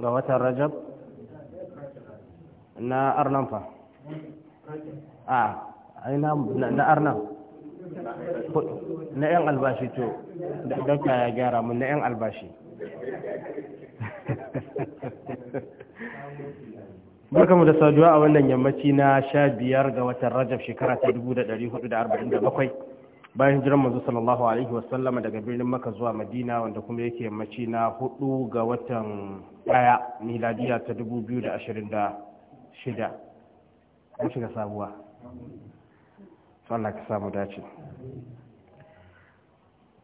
ga watan rajab na arnan fa a na arnan na 'yan albashi to don ka ya gyara mun na 'yan albashi barkamu da saduwa a wannan yammaci na sha biyar ga watan rajab shekara ta dubu da ɗari hudu da arba'in da bakwai bayan jiran manzo sallallahu alaihi wasallama daga birnin maka zuwa madina wanda kuma yake yammaci na hudu ga watan ɗaya miladiya ta dubu biyu da ashirin da shida an shiga sabuwa Allah ka samu dace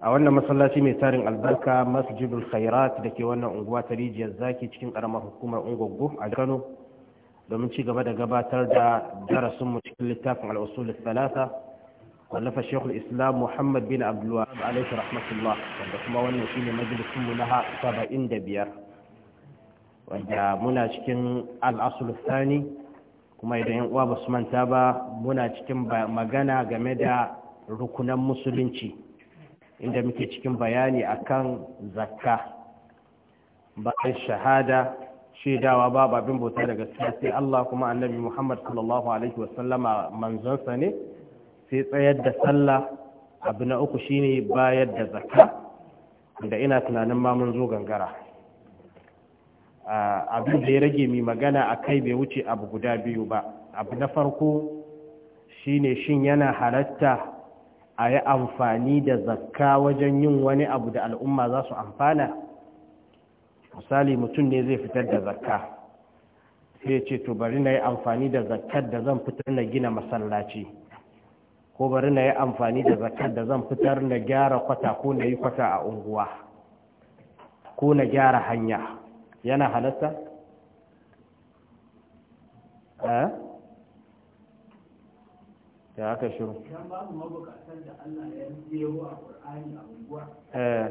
a wannan masallaci mai tarin albarka masjidul khairat da ke wannan unguwa ta rijiyar zaki cikin karamar hukumar ungwaggo a kano domin ci gaba da gabatar da darasinmu cikin littafin al'usul thalatha wallafa shekul islam muhammad bin abdulwahab alaihi rahmatullah wanda kuma wannan shine majalisun mu na saba'in da biyar wanda muna cikin al'asul thani kuma idan yan uwa basu manta ba muna cikin magana game da rukunan musulunci inda muke cikin bayani akan zakka bayan shahada shaidawa babu abin bauta da gaskiya sai Allah kuma annabi Muhammad sallallahu alaihi wasallama manzonsa ne sai tsayar da sallah abu na uku shine bayar da zakka da ina tunanin ma mun zo gangara abin da ya rage mi magana a kai bai wuce abu guda biyu ba abu na farko shine shin yana halatta a yi amfani da zakka wajen yin wani abu da al'umma za su amfana misali mutum ne zai fitar da zakka sai ce to bari na yi amfani da zakkar da zan fitar na gina masallaci ko bari na yi amfani da zakkar da zan fitar na gyara kwata ko na yi kwata a unguwa ko na gyara hanya yana halatta? da eh? haka shiru da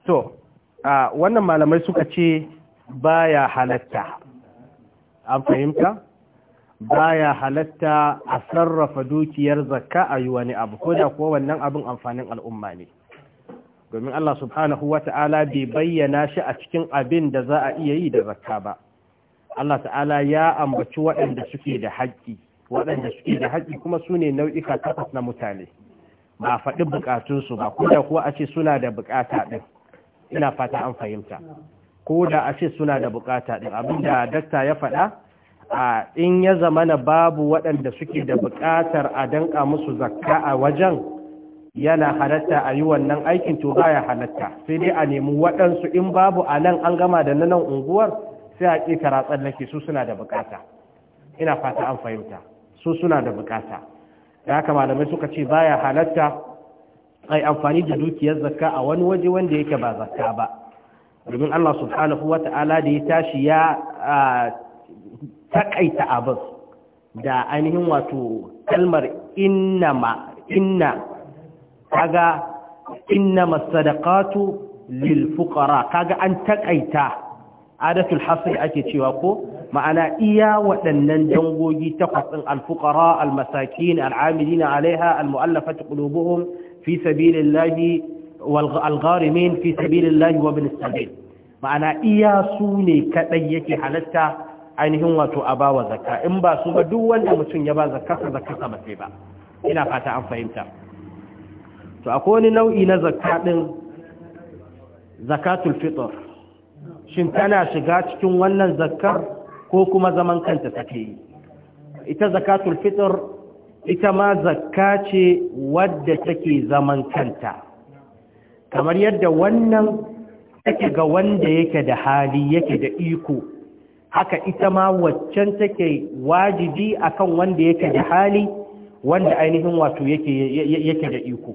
to a wannan malamai suka ce baya halatta an fahimta baya halatta a sarrafa dukiyar zakka a yi wani abu ko da kuwa wannan abin amfanin al'umma ne domin Allah subhanahu wa ta'ala bai bayyana shi a cikin abin da za a iya yi da zakka ba Allah ta'ala ya ambaci waɗanda suke da haƙƙi waɗanda suke da haƙƙi kuma su ne nau'ika takwas na mutane ba faɗi bukatunsu ba ko da kuwa a ce suna da bukata ɗin ina fata an fahimta ko da a ce suna da bukata ɗin abinda dakta ya faɗa a in ya zamana babu waɗanda suke da buƙatar a danka musu zakka a wajen yana halatta a yi wannan aikin to baya halatta sai dai a nemi waɗansu in babu a nan an gama da nan unguwar sai a ƙi kara tsallake su suna da bukata ina fata an fahimta su suna da bukata da haka malamai suka ce baya halatta ai amfani da dukiyar zakka a wani waje wanda yake ba zakka ba domin Allah subhanahu ta'ala da ya tashi ya takaita abin da ainihin wato kalmar innama inna kaga innama sadaqatu lil fuqara kaga an takaita adatul hasri ake cewa ko ma'ana iya waɗannan dangogi takwas ɗin alfukara almasakin al'amilina alaiha almu'allafati qulubuhum fi sabilillahi walgharimin fi sabilillahi wa bin ma'ana iya su ne kadai yake halatta ainihin wato a bawa zakka in ba su ba duk wanda mutum ya ba zakkarsa zakkarsa ba sai ba ina fata an fahimta to akwai wani nau'i na zakka din zakatul fitr shin tana shiga cikin wannan zakkar ko kuma zaman kanta take yi ita zakatul fitr ita ma zakka ce wadda take zaman kanta kamar yadda wannan take ga wanda yake da hali yake da iko haka ita ma waccan take wajibi akan wanda yake da hali wanda ainihin wato yake yake da iko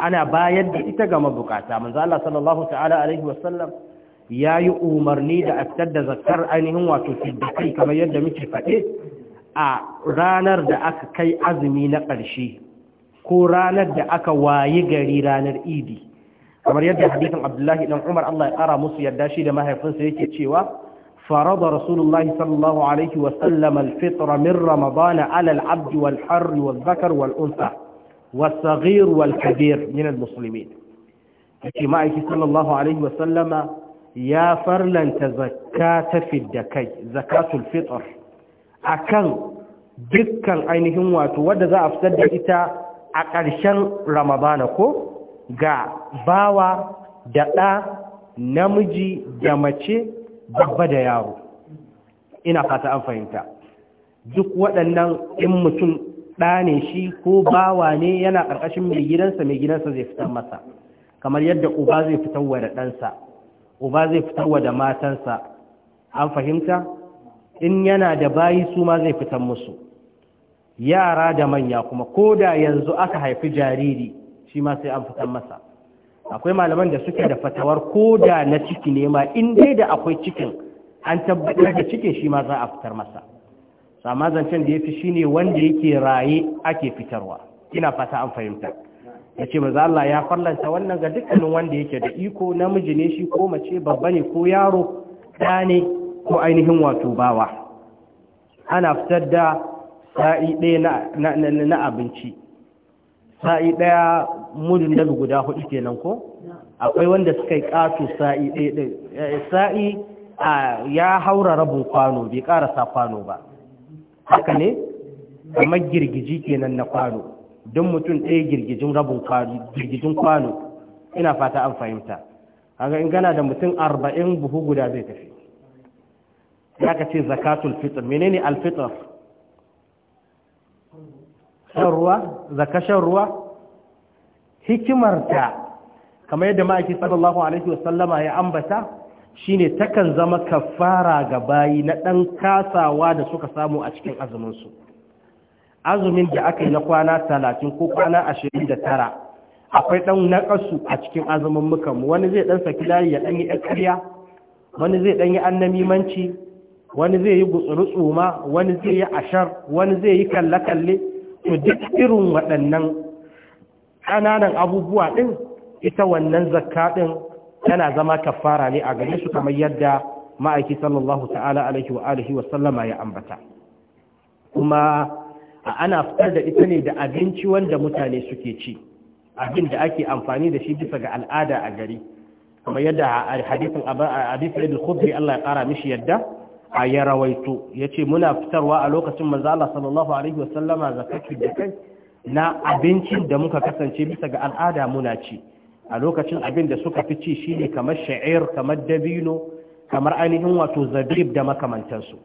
ana bayar da ita ga mabukata manzo Allah sallallahu ta'ala alaihi wasallam ya umarni da aftar da zakar ainihin wato kai kamar yadda muke faɗe a ranar da aka kai azumi na ƙarshe ko ranar da aka wayi gari ranar idi kamar yadda hadisin abdullahi dan umar allah ya kara musu yadda shi da mahaifinsa yake cewa farada rasulullahi sallallahu alaihi wa sallam alfitra min ramadana alal al'abdi wal harri wal zakar wal unsa wal wal kabir min al muslimin yake ma'aiki sallallahu alaihi wa sallama ya farlanta zakka ta fidda kai zakatul fitr akan dukkan ainihin wato wadda za a fitar da ita a ƙarshen ramadana ko ga bawa da ɗa namiji da mace babba da yaro ina fata an fahimta duk waɗannan in mutum ɗa ne shi ko bawa ne yana ƙarƙashin mai gidansa mai gidansa zai fitar masa kamar yadda uba zai fitar wa da ɗansa uba zai fitarwa da matansa an fahimta in yana da bayi su ma zai fitar musu yara da manya kuma ko da yanzu aka haifi jariri shi ma sai an fitar masa akwai malaman da suke da fatawar ko da na ciki ne ma in dai da akwai cikin an tabbatar da cikin shi ma za a fitar masa sama zancen da ya fi shi ne wanda yake raye ake fitarwa ina fata an fahimta ya ce maza Allah ya farlanta wannan ga dukkanin wanda yake da iko namiji ne shi ko mace babba ne ko yaro ɗa ne ko ainihin wato bawa ana fitar da sa'i ɗaya na abinci sa'i ɗaya mudun daga guda hudu kenan ko akwai wanda suka yi ƙato sa'i ɗaya eh, sa'i ya haura rabin kwano bai ƙarasa kwano ba haka ne kamar girgiji kenan na kwano don mutum ɗaya girgijin rabin girgijin kwano ina fata an fahimta haka in gana da mutum arba'in buhu guda zai tafi ya ka ce zakatul fitr menene alfitr shan ruwa zaka shan ruwa hikimarta kamar yadda ma'aiki sallallahu alaihi wasallama ya ambata shine takan zama kafara ga bayi na ɗan kasawa da suka samu a cikin azuminsu azumin da aka yi na kwana talatin ko kwana ashirin da tara akwai ɗan naƙasu a cikin azumin mukanmu wani zai ɗan saki layi ya ɗan yi ƙarya wani zai ɗan yi annamimanci wani zai yi gutsuru ma. wani zai yi ashar wani zai yi kalle-kalle to duk irin waɗannan ƙananan abubuwa ɗin ita wannan zakka ɗin tana zama kafara ne a gare su kamar yadda ma'aiki sallallahu ta'ala alaihi wa alihi wa sallama ya ambata kuma a ana fitar da ita ne da abinci wanda mutane suke ci abin da ake amfani da shi bisa ga al'ada a gari kuma yadda hadisin abin da Allah ya kara mishi yadda a ya rawaito ya ce muna fitarwa a lokacin manzo sallallahu alaihi wasallama zakatu da kai na abincin da muka kasance bisa ga al'ada muna ci a lokacin abin da suka fi ci shine kamar sha'ir kamar dabino kamar ainihin wato zabib da makamantansu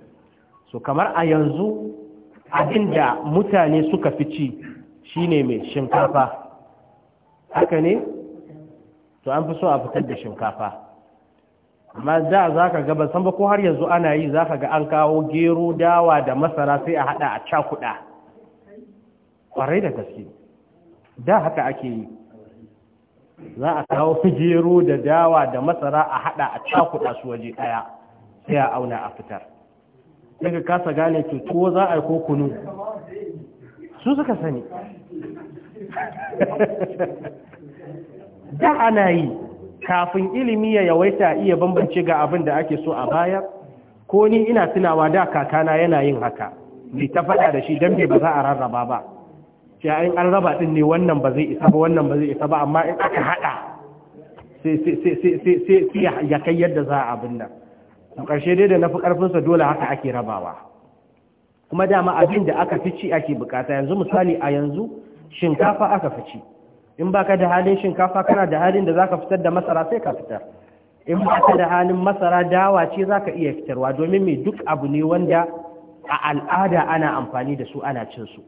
so kamar a yanzu abin da mutane suka fi ci shine mai shinkafa haka ne to an fi so a fitar da shinkafa amma da za ka gaba san ba ko har yanzu ana yi za ka ga an kawo gero dawa da masara sai a hada a cakuda Kwarai da gaske da haka ake yi za a kawo gero da dawa da masara a hada a cakuɗa su waje ɗaya sai a auna a fitar daga kasa gane ce ko za a yi ko kunu su suka sani da ana yi kafin ilimi ya yawaita iya bambance ga abin da ake so a baya ko ni ina tunawa da kakana yana yin haka bi ta faɗa da shi don ba za a rarraba ba ce yin an raba din ne wannan ba zai isa ba wannan ba zai isa ba amma in aka haɗa sai ya kai yadda za a abin nan Karshe ƙarshe dai da na fi ƙarfinsa dole haka ake rabawa kuma dama abin da aka fi ci ake bukata yanzu misali a yanzu shinkafa aka fi ci in baka da halin shinkafa kana da halin da zaka fitar da masara sai ka fitar in baka da halin masara dawa ce zaka iya fitarwa domin mai duk abu ne wanda a al'ada ana amfani da su ana cin su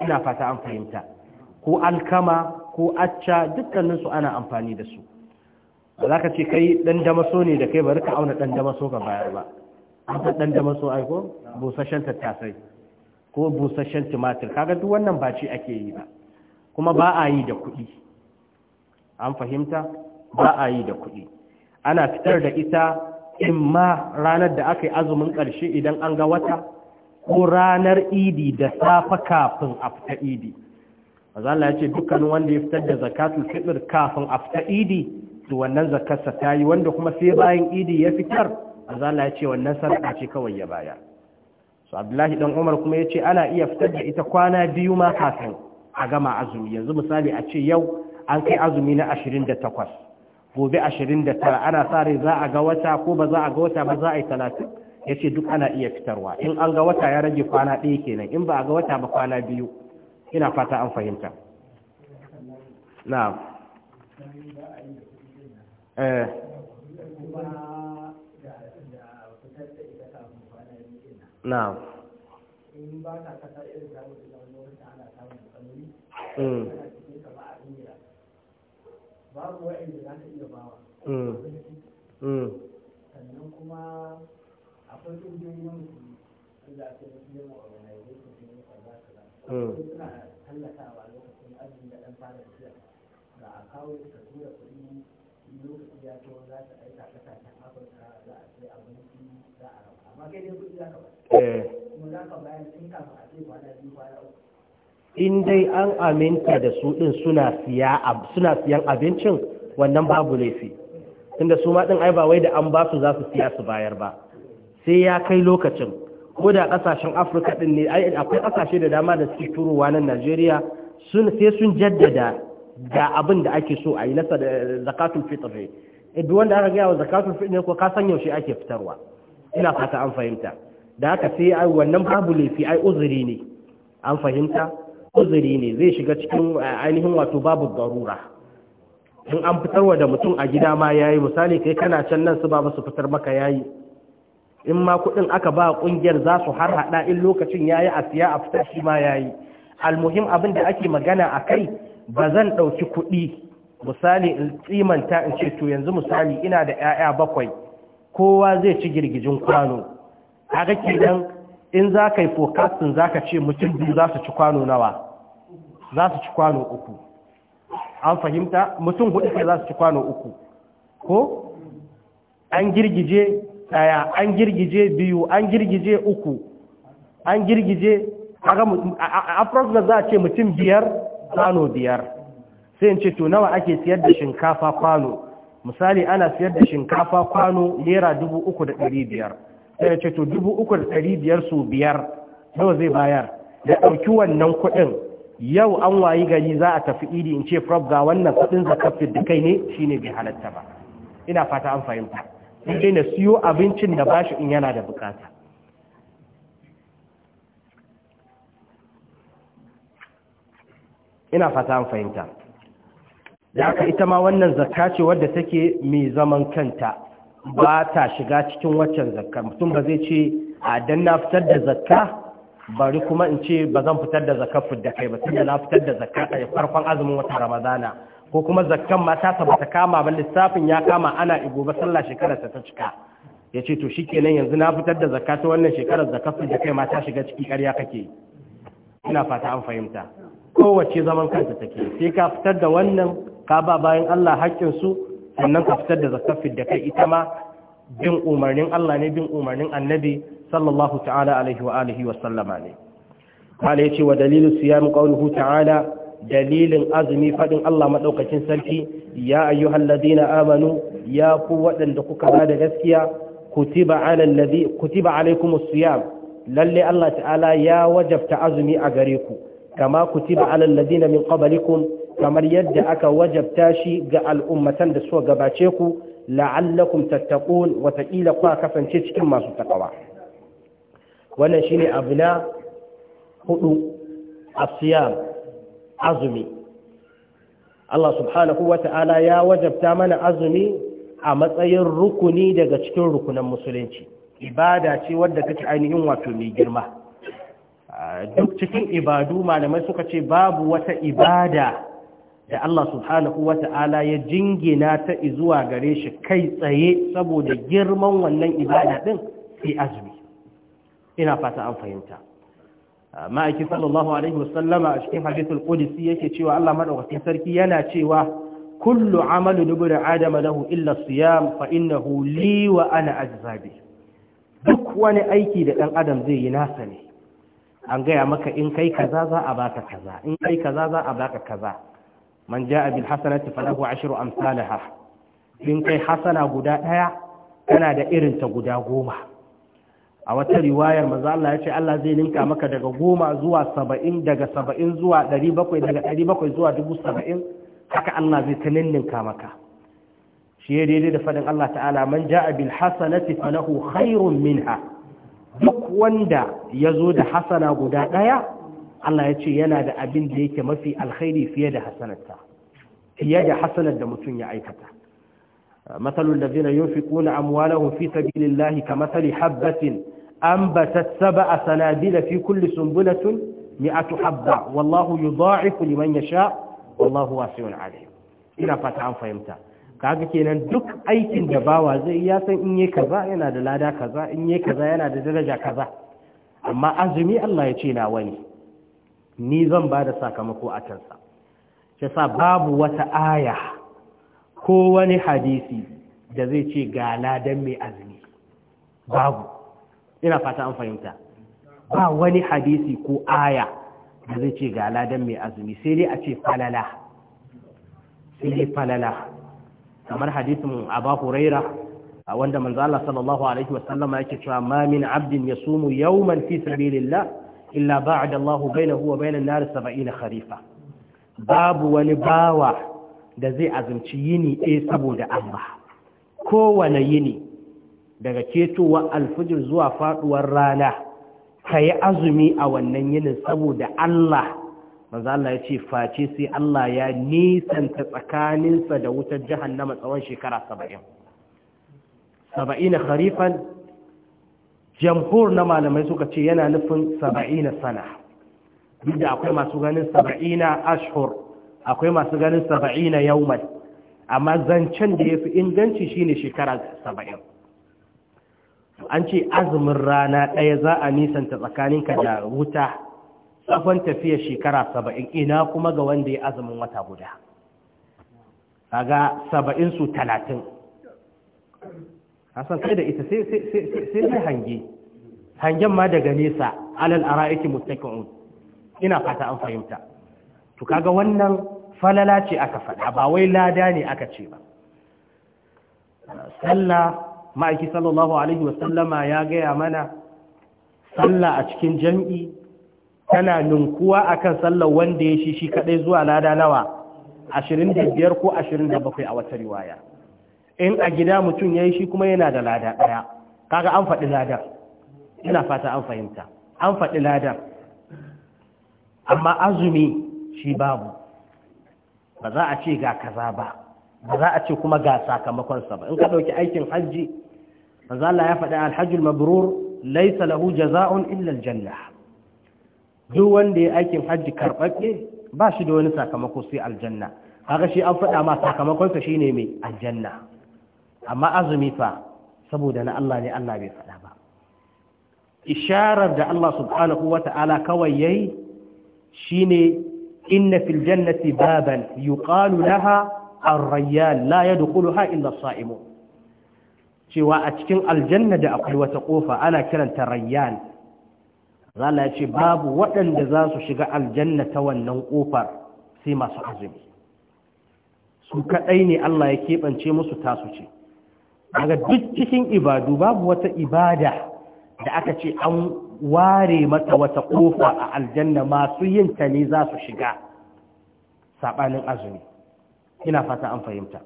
ina fata an fahimta ko alkama ko acca dukkanin ana amfani da su ba za ka ce kai ɗan damaso ne da kai bari ka auna ɗan damaso ga bayar ba an san ɗan damaso aiko busasshen tattasai ko busasshen tumatir kaga duk wannan ba ci ake yi ba kuma ba a yi da kuɗi an fahimta ba a yi da kuɗi ana fitar da ita in ma ranar da aka yi azumin ƙarshe idan an ga wata ko ranar idi da safe kafin a fita idi mazala ya ce dukkanin wanda ya fitar da zakatul fitr kafin a fita idi to wannan zakarsa ta yi wanda kuma sai bayan idi ya fitar azala ya ce wannan sadaka ce kawai ya baya so abdullahi dan umar kuma ya ce ana iya fitar da ita kwana biyu ma kafin a gama azumi yanzu misali a ce yau an kai azumi na ashirin da takwas gobe ashirin da tara ana sa rai za a ga wata ko ba za a ga wata ba za a yi talatin ya ce duk ana iya fitarwa in an ga wata ya rage kwana ɗaya kenan in ba a ga wata ba kwana biyu ina fata an fahimta na'am eh ba ka irin da wani ana samun tsanani mm babu wa'anda za ka iya bawa sannan kuma akwai ƙungiyoyi na musulmi Allah ta yin ta yi lokacin azumi da ɗan fara ga a kawo in dai an aminta da su ɗin suna siyan abincin wannan babu laifi tunda su ɗin ai ba wai da an ba su za su siya su bayar ba sai ya kai lokacin ko da ƙasashen afirka ɗin ne ai akwai kasashe da dama da suke turowa nan najeriya sun sai sun jaddada ga abin da ake so a yi na Zakatul fitr Eh, duk wanda aka gaya wa zakatun fi ne ko ka san yaushe ake fitarwa ina fata an fahimta da haka sai ai wannan babu laifi ai uzuri ne an fahimta uzuri ne zai shiga cikin eh, ainihin wato babu darura in an fitarwa da mutum a gida ma yayi misali kai kana can nan su ba su fitar maka yayi in ma kuɗin aka ba ƙungiyar za su har haɗa in lokacin ya yi a siya a fitar shi ma ya yi almuhim abin da ake magana a kai ba zan ɗauki kuɗi misali in tsimanta in ce to yanzu misali ina da 'ya'ya bakwai kowa zai ci girgijin kwano a kake dan in za ka yi forecasting za ka ce mutum biyu za su ci kwano nawa za su ci kwano uku an fahimta mutum hudu ke za su ci kwano uku ko an girgije ɗaya, an girgije biyu an girgije uku an girgije a approximate za a ce mutum biyar kwano biyar sai in ce to nawa ake siyar da shinkafa kwano misali ana siyar da shinkafa kwano naira dubu uku da ɗari biyar sai ya ce to dubu uku da ɗari biyar su biyar nawa zai bayar da ɗauki wannan kuɗin yau an wayi gari za a tafi idi in ce prof ga wannan kuɗin zakafin da kai ne shine bai halatta ba ina fata an fahimta sai na siyo abincin da bashi in yana da bukata ina fata an fahimta da aka ita ma wannan zakka ce wadda take mai zaman kanta ba ta shiga cikin waccan zakka mutum ba zai ce a dan na fitar da zakka bari kuma in ce ba zan fitar da zakka fidda kai ba tunda na fitar da zakka a farkon azumin watan ramadana ko kuma zakkan ma ta ta kama ba lissafin ya kama ana igo ba sallah shekarar ta cika ya ce to shikenan yanzu na fitar da zakka ta wannan shekarar zakka fidda kai ma ta shiga ciki ƙarya kake ina fata an fahimta kowace zaman kanta take sai ka fitar da wannan ka ba bayan Allah haƙƙinsu sannan ka fitar da zakafin da kai ita ma bin umarnin Allah ne bin umarnin annabi sallallahu ta'ala alaihi wa alihi wa sallama ne kala yace wa dalilu siyam qawluhu ta'ala dalilin azumi fadin Allah madaukakin sarki ya ayyuhalladhina amanu ya ku waɗanda kuka ka da gaskiya kutiba alal ladhi kutiba alaikumus siyam lalle Allah ta'ala ya wajabta azumi a gare ku kama kutiba alal ladina min qablikum kamar yadda aka wajabta shi ga al'ummatan da suka gabace ku la'allakum tattaqun wataƙila kuma kasance cikin masu takawa wannan shine abu na hudu asiyam azumi Allah subhanahu wata'ala ya wajabta mana azumi a matsayin rukuni daga cikin rukunan musulunci ibada ce wadda take ainihin wato mai girma duk cikin ibadu malamai suka ce babu wata ibada da Allah subhanahu wa ta'ala ya jingina ta zuwa gare shi kai tsaye saboda girman wannan ibada din fi azumi ina fata an fahimta ma'aiki sallallahu alaihi wasallama a cikin hadithul qudsi yake cewa Allah madaukakin sarki yana cewa kullu amalu ibn Adama lahu illa siyam fa innahu li wa ana ajzabi duk wani aiki da ɗan adam zai yi nasa ne an gaya maka in kai kaza za a baka kaza in kai kaza za a baka kaza man ja'a bil hasanati falahu ashru amsalha in kai hasana guda daya kana da irin ta guda goma a wata riwayar manzo Allah ya ce Allah zai ninka maka daga goma zuwa saba'in daga saba'in zuwa ɗari bakwai daga ɗari bakwai zuwa dubu saba'in haka Allah zai ta ninninka maka shi ya daidai da faɗin Allah ta'ala man ja'a bil hasanati falahu khairun minha duk wanda ya zo da hasana guda ɗaya Allah ya ce yana da abin da yake mafi alkhairi fiye da hasanarta fiye da hasanar da mutum ya aikata matsalul da zina yin fiƙuna amwalahu fi sabilillahi ka matsali habbatin an ba ta saba a sanadila fi kulli sumbulatun mi'atu habba wallahu yudha'ifu liman yasha wallahu wasi'un alim ina fata an fahimta kaga kenan duk aikin da bawa zai ya san in yi kaza yana da lada kaza in yi kaza yana da daraja kaza amma azumi Allah ya ce na wani ni zan ba da sakamako a kansa shi sa babu wata aya ko wani hadisi da zai ce ga ladan mai azumi babu ina fata an fahimta ba wani hadisi ko aya da zai ce ga ladan mai azumi sai dai a ce falala sai dai falala kamar hadisin raira, a wanda manzo Allah sallallahu alaihi wasallam yake cewa ma min abdin ya yasumu yawman fi sabilillah illa ba'ada Allahu bainahu wa bainan nar 70 kharifa babu wani bawa da zai azumci yini ɗaya saboda Allah kowane yini daga ketowar alfijir zuwa faduwar rana kayi azumi a wannan yinin saboda Allah Maza Allah ya ce face sai Allah ya nisanta tsakaninsa da wutar nama tsawon shekara 70 70 kharifan jamhur na malamai suka ce yana nufin saba'ina sana duk da akwai masu ganin saba'ina ashur akwai masu ganin saba'ina yawman amma zancen da ya fi inganci shine shekara saba'in an ce azumin rana ɗaya za a nisanta tsakaninka da wuta tsafon tafiya shekara saba'in ina kuma ga wanda ya azumin wata guda kaga saba'in su talatin hasan kai da ita sai sai hange hangen ma daga nesa alal ara'iki mustaqi'un ina fata an fahimta to kaga wannan falala ce aka faɗa ba wai lada ne aka ce ba sallah ma'aiki sallallahu alaihi wa sallama ya gaya mana sallah a cikin jam'i tana ninkuwa akan sallar wanda ya shi shi kadai zuwa lada nawa 25 ko 27 a wata riwaya in a gida mutum ya yi shi kuma yana da lada ɗaya kaga an faɗi ladar ina fata an fahimta an faɗi ladar amma azumi shi babu ba za a ce ga kaza ba ba za a ce kuma ga sakamakonsa ba in ka ɗauki aikin hajji manzo Allah ya faɗi alhajjul mabrur laisa lahu jaza'un illa aljanna duk wanda ya aikin hajji karɓaɓɓe ba shi da wani sakamako sai aljanna kaga shi an faɗa ma sakamakonsa shine mai aljanna amma azumi fa saboda na Allah ne Allah bai faɗa ba isharar da Allah subhanahu wata'ala kawai yayi shine inna fil jannati baban yuqalu laha ar-rayyan la yadkhuluha illa as-sa'imun cewa a cikin aljanna da akwai wata kofa ana kiranta rayyan zala ya ce babu waɗanda za su shiga aljanna ta wannan ƙofar sai masu azumi su kaɗai ne Allah ya keɓance musu tasu ce daga duk cikin ibadu babu wata ibada da aka ce an ware mata wata kofa a aljanna masu yin ta ne za su shiga saɓanin azumi ina fata an fahimta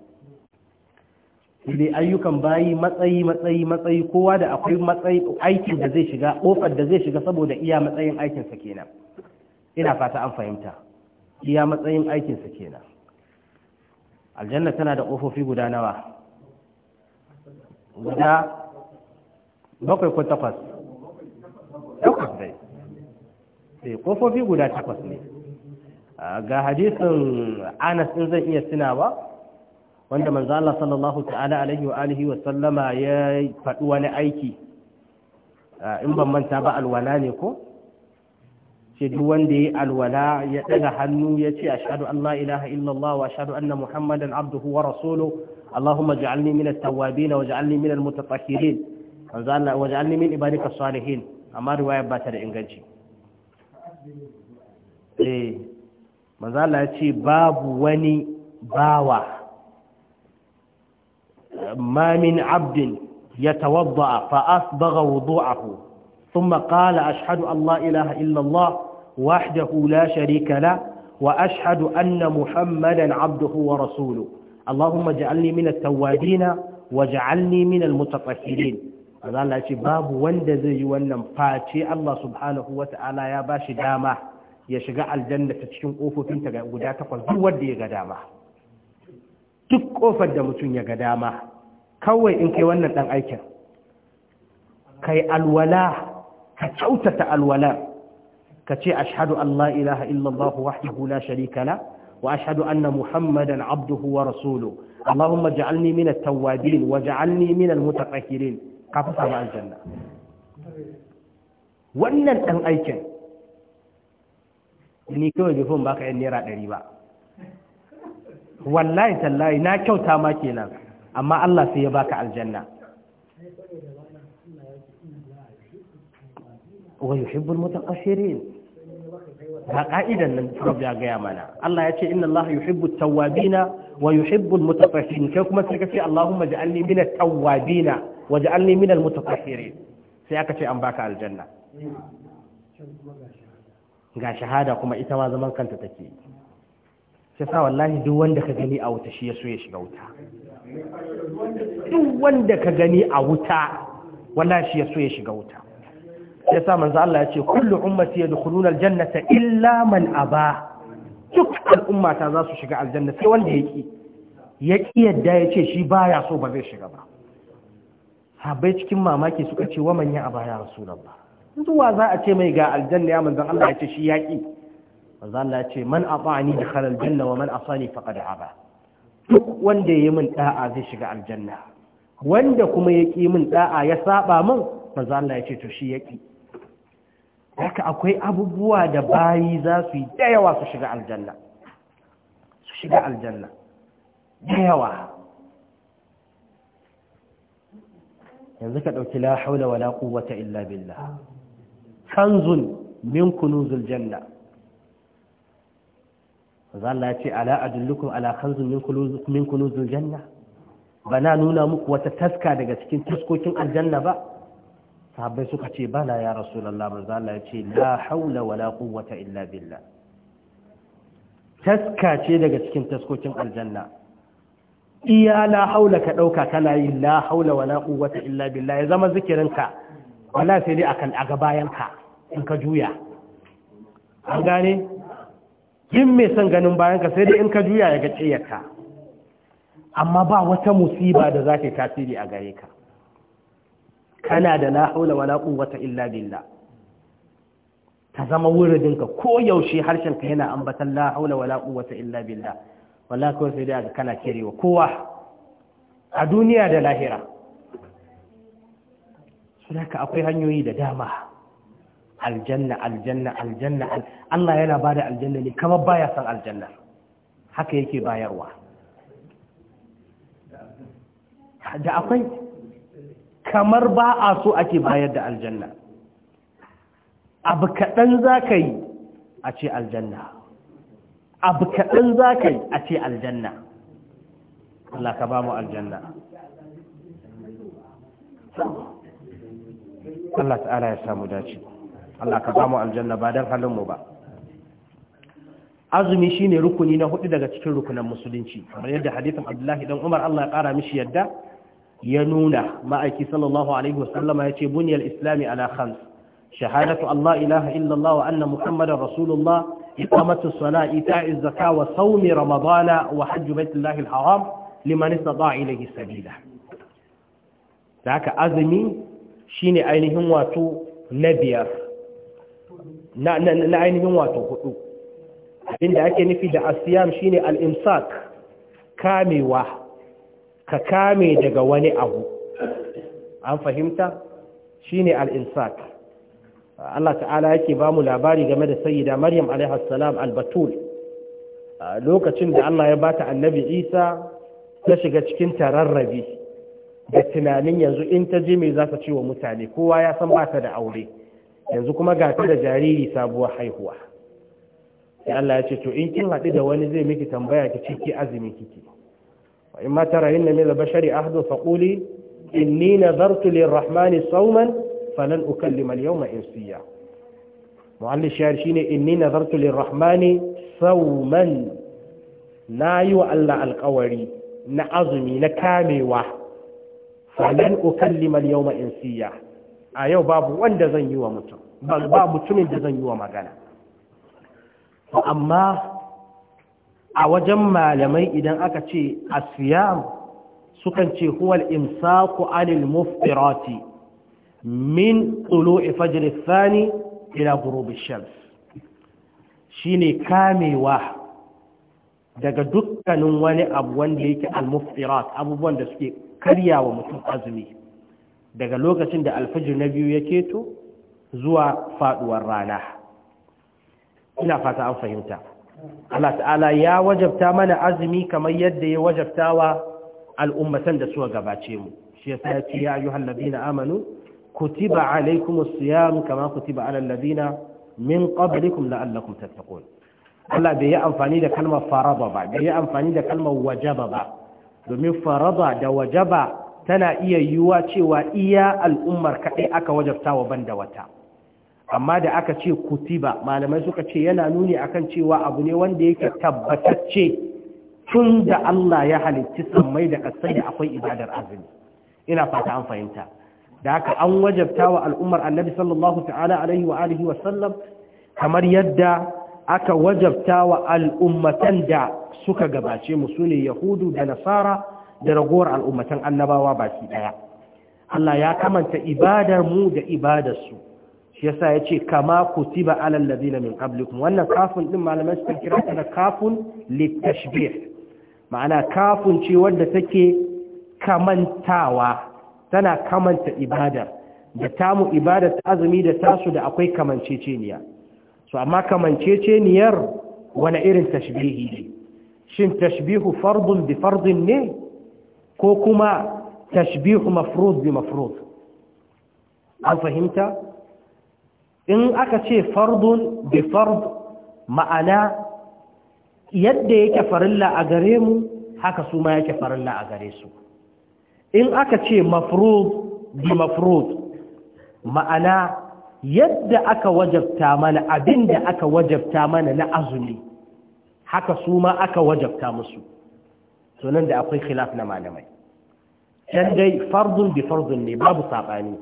da ayyukan bayi matsayi matsayi matsayi kowa da akwai matsayi aikin da zai shiga kofar da zai shiga saboda iya matsayin aikinsa kenan ina fata an fahimta iya matsayin aikinsa kenan aljanna tana da kofofi guda nawa guda bakwai ko takwas takwas dai sai eh, kofofi guda takwas ne ga hadisin anas in zan iya tunawa wanda manzo Allah sallallahu ta'ala alaihi wa alihi wa sallama ya faɗi wani aiki in ban manta ba alwala ne ko ce duk wanda ya alwala ya ɗaga hannu ya ce ashhadu an la ilaha illallah wa ashhadu anna muhammadan abduhu wa rasuluhu اللهم اجعلني من التوابين واجعلني من المتطهرين واجعلني من عبادك الصالحين amma riwayar ba ta da inganci eh manzala ya ce babu wani bawa ma min abdin ya tawadda fa asbagha wudu'ahu thumma qala ashhadu an la ilaha illa allah wahdahu la sharika la wa ashhadu anna muhammadan abduhu wa rasuluhu Allahumma ja'alni min at-tawwabina wa ja'alni min al-mutatahhirin Allah ce babu wanda zai yi wannan face Allah subhanahu wata'ala ya bashi dama ya shiga aljanna ta cikin kofofin ta guda takwas duk wanda ya ga dama duk kofar da mutum ya ga dama kawai in kai wannan dan aikin kai alwala ka kyautata alwalar ka ce ashhadu an la ilaha illallah wahdahu la sharika la وأشهد أن محمدا عبده ورسوله اللهم اجعلني من التوابين واجعلني من المتطهرين كفتا مع الجنة wannan ɗan aikin ni kawai ba ka yan naira ɗari ba wallahi tallahi na kyauta ma kenan amma Allah sai ya baka aljanna wa yuhibbul mutaqashirin ga ka'idan nan Trump ya gaya mana Allah ya ce inna Allah yuhibbu tawabina wa yuhibbu almutatahhirin kai kuma sai ka ce Allahumma ja'alni min tawabina. tawwabina wa ja'alni min almutatahhirin sai aka ce an baka aljanna ga shahada kuma ita ma zaman kanta take sai sa wallahi duk wanda ka gani a wuta shi ya so ya shiga wuta duk wanda ka gani a wuta wallahi shi ya so ya shiga wuta ya sa manzo Allah ya ce kullu ummati yadkhuluna aljannata illa man aba duk al'umma ta za su shiga aljanna sai wanda yaki yaki yadda ya ce shi baya so ba zai shiga ba habai cikin mamaki suka ce wa manya ya aba ya rasulullah zuwa za a ce mai ga aljanna ya manzon Allah ya ce shi yaki manzo Allah ya ce man ata'ani dakhala aljanna wa man asani faqad aba duk wanda ya yi min da'a zai shiga aljanna wanda kuma ya ki min da'a ya saba min manzo Allah ya ce to shi yaki haka akwai abubuwa da bayi za su yi da yawa su shiga aljanna su shiga aljanna da yawa yanzu ka ɗauki la haula wa la quwwata illa billah kanzun min kunuzul janna zalla ce ala adullukum ala kanzun min kunuzul janna ba na nuna muku wata taska daga cikin taskokin aljanna ba sahabbai suka ce bala ya rasulullah manzo Allah ya ce la haula wala quwwata illa billah taska ce daga cikin taskokin aljanna iya la haula ka dauka kana yin la haula wala quwwata illa billah ya zama zikirinka wala sai dai akan a ka in ka juya an gane yin mai son ganin bayanka sai dai in ka juya ya ga ciyarka amma ba wata musiba da za ta tasiri a gare ka kana da la haula wala quwwata illa billah ka zama wuridinka ko yaushe harshen ka yana ambatan la haula wala quwwata illa billah wallahi kawai sai dai kana kirewa kowa a duniya da lahira saboda akwai hanyoyi da dama aljanna aljanna aljanna Allah yana bada aljanna ne kamar baya san aljanna haka yake bayarwa da akwai kamar ba a so ake bayar da aljanna abu kaɗan za ka yi a ce aljanna abu kaɗan za ka yi a ce aljanna Allah ka ba mu aljanna Allah ta'ala ya samu dace Allah ka ba mu aljanna ba don halinmu ba azumi shine rukuni na hudu daga cikin rukunan musulunci kamar yadda hadithin abdullahi dan umar Allah ya kara mishi yadda ya nuna ma'aiki sallallahu alaihi wasallama ya ce buniyar islami ala khams shahadatu Allah ilaha illallah wa anna muhammadar rasulullah iqamatu sala ita'iz zaka wa sawmi ramadana wa hajju baitullahi alharam liman istata'a ilayhi sabila da haka azumi shine ainihin wato na biyar na ainihin wato hudu abinda ake nufi da asiyam shine al-imsak kamewa ka kame daga wani abu an fahimta shine al insak Allah ta'ala yake ba mu labari game da sayyida Maryam alaiha salam al-batul lokacin da Allah ya bata annabi Isa ta shiga cikin tararrabi da tunanin yanzu in ta je me za ta ce wa mutane kowa ya san ba ta da aure yanzu kuma ga ta da jariri sabuwar haihuwa sai Allah ya ce to in kin haɗu da wani zai miki tambaya ki ciki ki azumi kike وإما ترين من البشر أحد فقولي إني نذرت للرحمن صوما فلن أكلم اليوم إنسيا معلم الشعر شيني إني نذرت للرحمن صوما ناي وألا القوري نعظمي نكامي وح فلن أكلم اليوم إنسيا أيو باب وند زن يوم متم بل باب متم زن يوم مغانا فأما a wajen malamai idan aka ce asiyam sukan ce huwal imsaku anil muftirati min tulu'i fajr sani ila ghurub shine kamewa daga dukkanin wani abu wanda yake al-muftirat abubuwan da suke karyawa mutum azumi daga lokacin da alfajir na biyu ya keto zuwa faduwar rana ina fata an fahimta Allah ta'ala ya wajabta mana azumi kamar yadda ya wajabta wa al'ummatan da suka gabace mu shi yasa ya ce ya ayyuhal amanu kutiba alaykumus siyam kama kutiba alal ladina min qablikum la'allakum tattaqun Allah bai yi amfani da kalmar faraba ba bai yi amfani da kalmar wajaba ba domin faraba da wajaba tana iya yiwuwa cewa iya al'ummar kaɗai aka wajabta wa banda wata amma da aka ce kutiba malamai suka ce yana nuni akan cewa abu ne wanda yake tabbatacce tun da Allah ya halitti sammai da kasai da akwai ibadar azumi ina fata an fahimta da haka an wajabta wa al'ummar annabi sallallahu ta'ala alaihi wa alihi wa sallam kamar yadda aka wajabta wa al'ummatan da suka gabace mu sune yahudu da nasara da ragowar al'ummatan annabawa baki daya Allah ya kamanta ibadar mu da ibadar su yasa ya ce kama kutiba alal ladina min qablikum wannan kafun din malaman su kira ta da kafun litashbih ma'ana kafun ce wanda take kamantawa tana kamanta ibada da tamu ibada ta azumi da tasu da akwai kamanceceniya so amma kamanceceniyar wani irin tashbihi ne shin tashbihu fardun bi fardin ne ko kuma tashbihu mafrud bi mafrud an fahimta in aka ce fardun bi fard ma'ana yadda yake farilla a gare mu haka su ma yake farilla a gare su in aka ce mafrud bi mafrud ma'ana yadda aka wajabta mana abinda aka wajabta mana na azumi haka su ma aka wajabta musu sunan da akwai khilaf na malamai can dai fardun bi fardun ne babu saɓani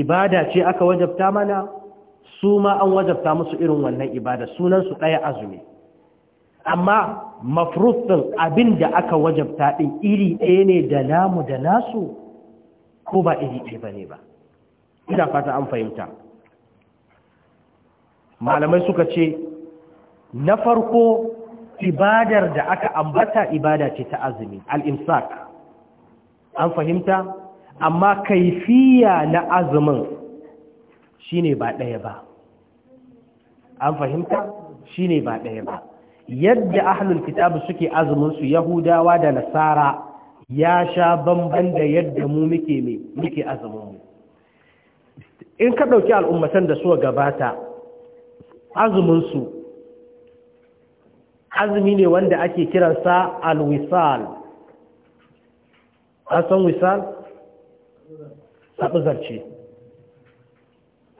ibada ce aka wajabta mana su ma an wajabta musu irin wannan ibada sunansu ɗaya azumi amma mafrufin abin da aka wajabta ɗin iri ɗaya ne da namu da nasu ko ba iri ɗaya ba ne ba ina fata an fahimta malamai suka ce na farko ibadar da aka ambata ibada ce ta azumi al'imsak an fahimta amma kaifiya na azumin shine ba ɗaya ba an fahimta shi ne ba ɗaya ba yadda ahlul kitabu suke azuminsu yahudawa da nasara ya sha bamban da yadda mu muke mai muke azumin mu in ka ɗauki al'ummatan da suwa gabata azuminsu azumi ne wanda ake kiransa alwisal an san wisal saɓi zarce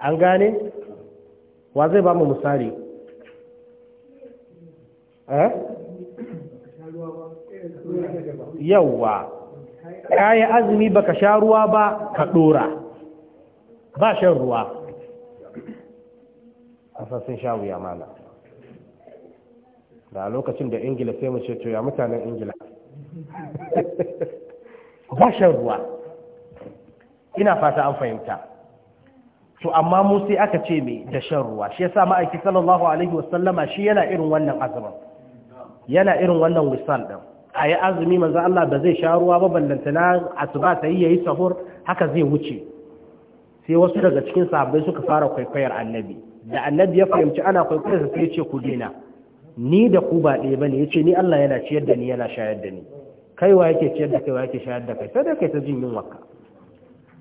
an gane wa zai ba mu misali eh? yauwa ka yi azumi baka sha ruwa ba ka ɗora ba shan ruwa sun sha wuya mana da lokacin da ingila sai mu ce to ya mutanen ingila ba shan ruwa ina fata an fahimta to amma mu sai aka ce mai da shan ruwa shi yasa ma'aiki sallallahu alaihi wasallama shi yana irin wannan azumin yana irin wannan wisal din a yi azumi manzo Allah ba zai sha ruwa ba na asuba ta yi yayi sahur haka zai wuce sai wasu daga cikin sahabbai suka fara kwaikwayar annabi da annabi ya fahimci ana kwaikwayar sa sai ce ku dina ni da ku ba ɗaya bane yace ni Allah yana ciyar da ni yana shayar da ni kaiwa yake ciyar da kaiwa yake shayar da kai sai dai kai ta jin yunwa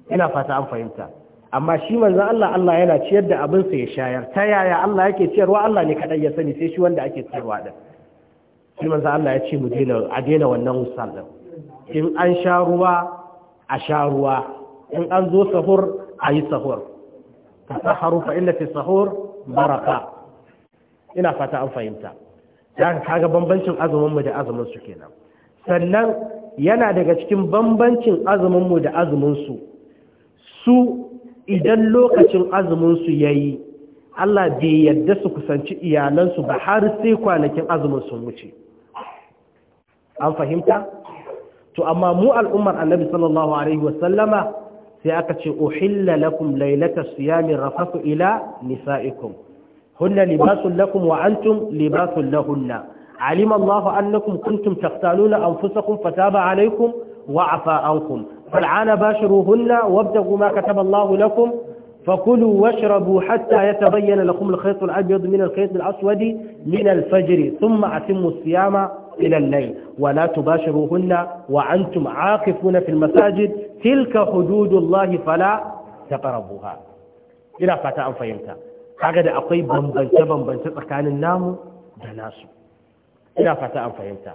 ina fata an fahimta amma shi manzan Allah Allah yana ciyar da abin ya shayar ta yaya Allah yake ciyarwa Allah ne kadai ya sani sai shi wanda ake ciyarwa din shi manzan Allah ya ce mu dena, a dena wannan wusal din in an sha ruwa a sha ruwa in an zo sahur a yi sahur ta saharu fa inna fi sahur baraka ina fata an fahimta dan kaga bambancin azumin mu da azumin su kenan sannan yana daga cikin bambancin azumin mu da azumin su su idan lokacin azuminsu ya yi Allah bai yadda su kusanci iyalansu ba har sai kwanakin azumin sun wuce an fahimta? to amma mu al'ummar annabi sallallahu alaihi wasallama sai aka ce uhilla lakum lailata siyamin rafafu ila nisa'ikum hunna libasun lakum wa antum libasun lahunna alima Allahu annakum kuntum kun, anfusakum fataba alaikum wa afa فالعان باشروهن وابتغوا ما كتب الله لكم فكلوا واشربوا حتى يتبين لكم الخيط الأبيض من الخيط الأسود من الفجر ثم أتموا الصيام إلى الليل ولا تباشروهن وأنتم عاقفون في المساجد تلك حدود الله فلا تقربوها إلى فتا أن فهمت هذا أقيب بمبنت بمبنت تكان النام دناسو إلى فتا أن فهمت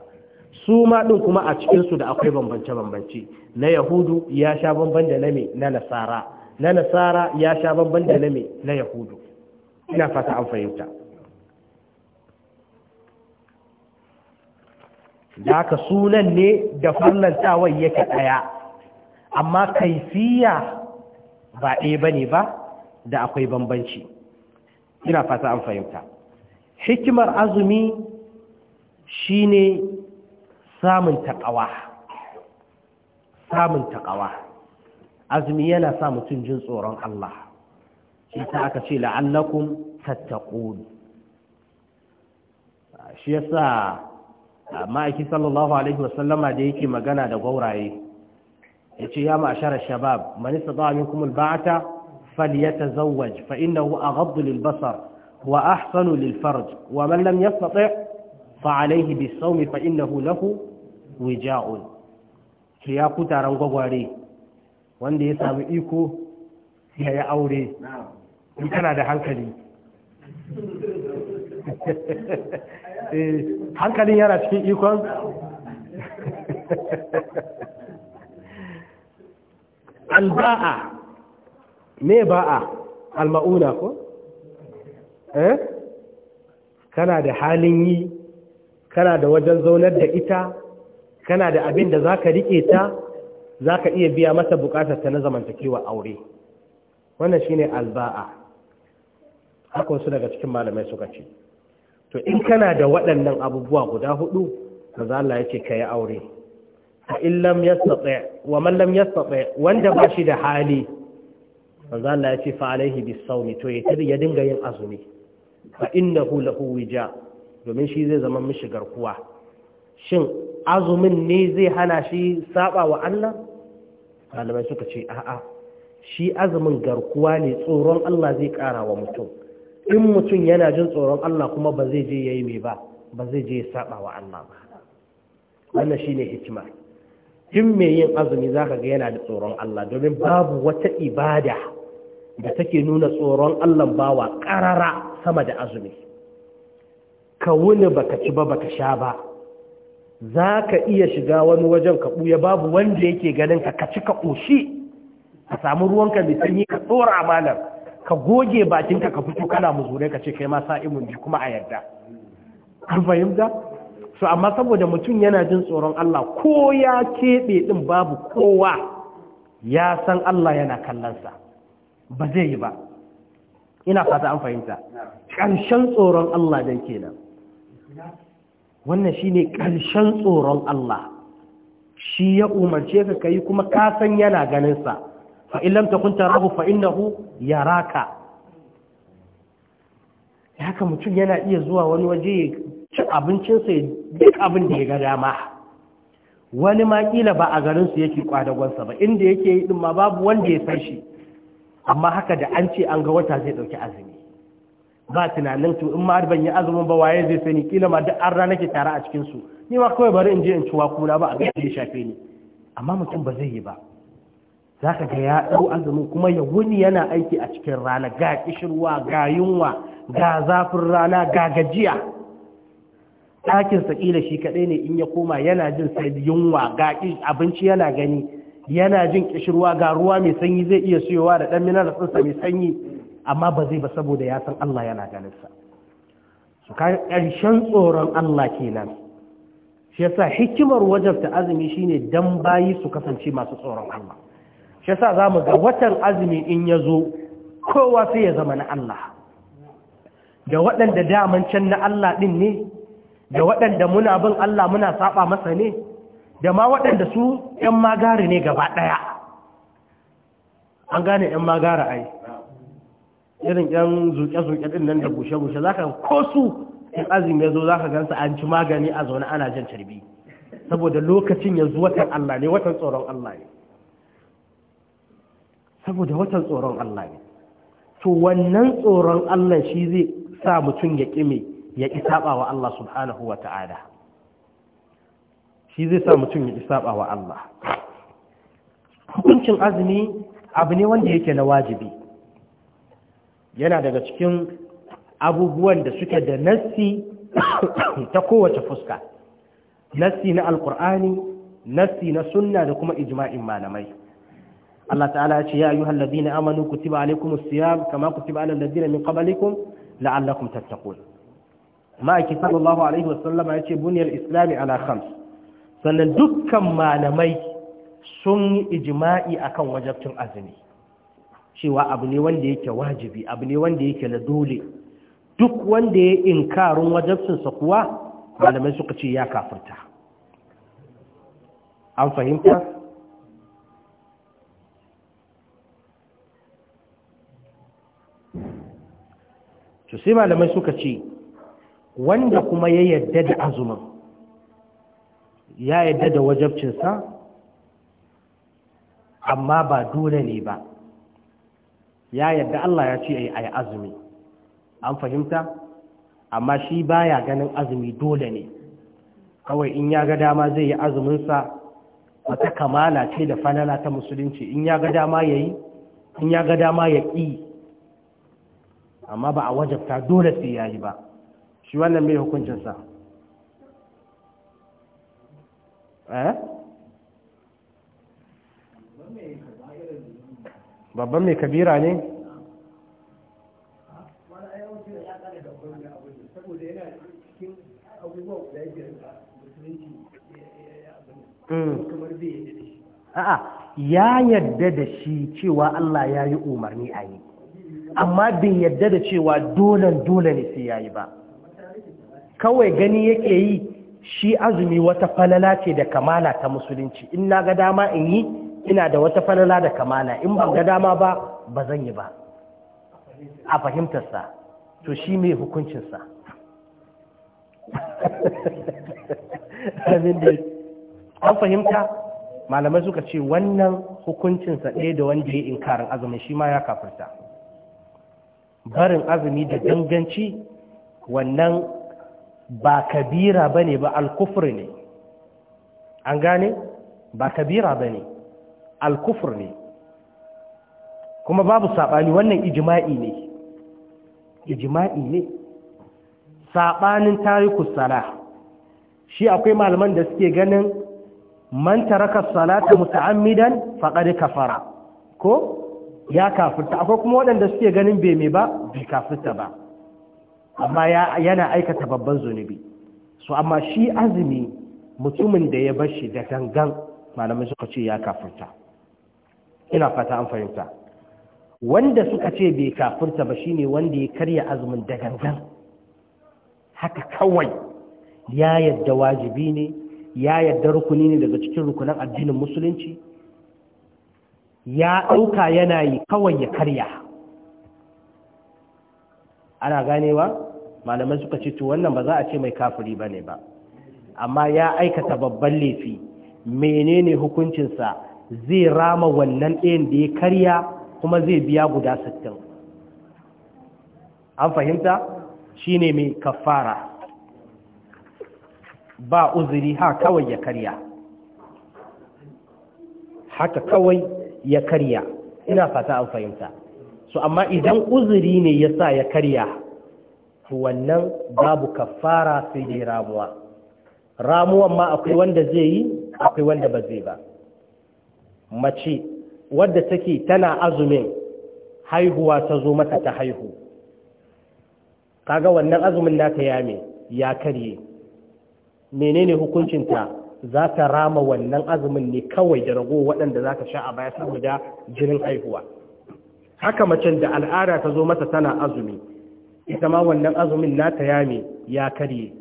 su ma ɗin kuma a cikinsu da akwai bambance-bambance na yahudu ya sha bamban da na me na nasara na nasara ya sha bamban da na me na yahudu ina fata an fahimta da aka sunan ne da farlantawan yake ɗaya amma kaifiya ba ɗaya ba ne ba da akwai bambanci ina fata an fahimta hikimar azumi shi ne. samun taƙawa samun taƙawa azumi yana sa mutum jin tsoron Allah shi ta aka ce la'allakum tattaqun shi yasa ma'aiki sallallahu alaihi wasallama da yake magana da gauraye yace ya ma'ashara shabab man istata'a minkum alba'ata falyatazawwaj fa innahu aghaddu lilbasar wa ahsanu lilfarj wa man lam yastati' fa alayhi bisawmi fa innahu lahu wija'un ki ya ku taron gwagware wanda ya sami iko ya yi aure in kana da hankali eh, hankalin yana cikin ikon alba'a me ba'a alma'una ko eh kana da halin yi kana da wajen zaunar da ita kana da abin da za ka riƙe ta za ka iya biya masa bukatar ta na zamantakewa aure wannan shine alba'a haka wasu daga cikin malamai suka ce to in kana da waɗannan abubuwa guda hudu maza Allah yake kai aure A in ya yastati wa mallam ya yastati wanda ba shi da hali maza Allah yace fa alaihi bis sawmi to ya dinga yin azumi fa innahu lahu wija domin shi zai zama mishi garkuwa shin azumin ne zai hana shi saba wa Allah malamai suka ce a'a shi azumin garkuwa ne tsoron Allah zai kara wa mutum in mutum yana jin tsoron Allah kuma ba zai je yayi mai ba ba zai je saba wa Allah ba wannan ne hikima in mai yin azumi ka ga yana da tsoron Allah domin babu wata ibada da take nuna tsoron Allah bawa ƙarara sama da azumi ka wuni baka ci ba baka sha ba za ka iya shiga wani wajen ka ɓuya babu wanda yake ganin ka kaci ka ƙoshi a samu ruwanka mai sanyi ka tsora malar ka goge bakinka ka fito kana zure ka ce kai ma sa'imun ji kuma a yarda an fahimta su amma saboda mutum yana jin tsoron Allah ko ya keɓe ɗin babu kowa ya san Allah yana kallonsa ba zai yi ba ina fata an fahimta ƙarshen tsoron Allah dai kenan wannan shi ne ƙarshen tsoron Allah shi ya umarce ka kayi kuma kasan yana ganin sa fa in rahu, takun tarahu fa innahu yaraka haka mutum yana iya zuwa wani waje ya ci abincinsa ya duk abin da ya ga dama wani ma kila ba a garinsu yake kwadagonsa ba inda yake yi ma babu wanda ya san shi amma haka da an ce an ga wata zai ɗauki azumi ba tunanin to in ma ban yi azumin ba waye zai sani kila ma duk an rana ke tare a cikin su ni ma kawai bari in je in ciwa wakuna ba a ga ya shafe ni amma mutum ba zai yi ba za ka ga ya ɗau azumin kuma ya wuni yana aiki a cikin rana ga kishirwa ga yunwa ga zafin rana ga gajiya ɗakin kila shi kaɗai ne in ya koma yana jin sai yunwa ga abinci yana gani yana jin kishirwa ga ruwa mai sanyi zai iya siyowa da ɗan minar tsinsa mai sanyi amma ba zai ba saboda ya san Allah yana ganinsa su ƙarshen tsoron Allah kenan shi yasa hikimar ta azumi shine dan bayi su kasance masu tsoron Allah shi yasa zamu ga watan azumi in ya zo kowa sai ya zama na Allah da waɗanda daman can na Allah ɗin ne da waɗanda muna bin Allah muna saba masa ne da ma waɗanda su ‘yan magari ne gaba ɗaya an gane ‘yan magara ai irin yan zuke-zuke din nan da gushe-gushe za ka ko su in azumi ya zo za ka gansa an ci magani a zaune ana jan carbi saboda lokacin yanzu watan Allah ne watan tsoron Allah ne saboda watan tsoron Allah ne to wannan tsoron Allah shi zai sa mutum ya ƙime ya isaɓa wa Allah subhanahu wa ta'ala shi zai sa mutum ya isaɓa wa Allah hukuncin azumi abu ne wanda yake na wajibi yana daga cikin abubuwan da suke da nassi ta kowace fuska nassi na alkur'ani nassi na sunna da kuma ijma'in malamai Allah ta'ala ya ce ya yi ayyuhal ladina amanu ku kutiba alaykumus siyam kama kutiba alal ladina min qablikum la'allakum tattaqun ma'aiki sallallahu alaihi wasallama ya ce buniyar islami ala khams sannan dukkan malamai sun yi ijima'i akan wajabcin azumi cewa abu ne wanda yake wajibi abu ne wanda yake na dole duk wanda ya inkarin wajabcinsa kuwa malamai suka ce ya kafirta an fahimta to sai malamai suka ce wanda kuma ya yadda da azumin ya yadda da wajabcinsa amma ba dole ne ba ya yadda Allah ya ce a yi azumi an fahimta amma shi baya ganin azumi dole ne kawai in ya ga dama zai yi azuminsa wata kamala ce da fanala ta musulunci in ya ga dama ya yi in ya ga dama ya ƙi amma ba a wajabta dole sai ya yi ba shi wannan mai hukuncinsa eh babban mai kabira ne mm. a'a ya yadda da shi cewa Allah ya yi umarni a yi amma bai yadda da cewa dolan dole ne sai ya yi ba kawai gani yake yi shi azumi wata falala ce da kamala ta musulunci in na ga dama in yi ina da wata falala da kamana in ban ga dama ba ba zan yi ba a fahimtarsa to shi mai hukuncinsa an fahimta malamai suka ce wannan hukuncinsa ɗaya da wanda ya inkarin azumin shi ma ya kafirta barin azumi da danganci wannan ba kabira ba ne ba alkufur ne an gane ba kabira ba ne alkufur ne kuma babu saɓani wannan ijima'i ne ijima'i ne saɓanin tariku sala shi akwai malaman da suke ganin man taraka salata muta'ammidan faqad kafara ko ya kafirta akwai kuma waɗanda suke ganin bai me ba bai kafirta ba amma yana aikata babban zunubi so amma shi azumi mutumin da ya bar shi da gangan malamin suka ce ya kafirta ina fata an fahimta wanda suka ce bai kafurta ba shine wanda ya karya azumin da haka kawai ya yadda wajibi ne ya yadda rukuni ne daga cikin rukunan addinin musulunci ya ɗauka yana yi kawai ya karya ana ganewa malamai suka ce to wannan ba za a ce mai kafiri ba ne ba amma ya aikata babban laifi menene hukuncinsa zai rama wannan ɗayan da ya karya kuma zai biya guda sittin an fahimta shi ne mai kafara ba uzuri ha kawai ya karya haka kawai ya karya ina fata an fahimta so amma idan uzuri ne ya sa ya karya wannan babu kafara sai dai ramuwa ramuwan ma akwai wanda zai yi akwai wanda ba zai ba mace wadda take tana azumin haihuwa ta zo mata ta haihu kaga wannan azumin nata ya me ya karye menene hukuncinta za ta rama wannan azumin ne kawai da rago waɗanda za ka sha a baya saboda jinin haihuwa haka macen da al'ada ta zo mata tana azumi ita ma wannan azumin nata ya me ya karye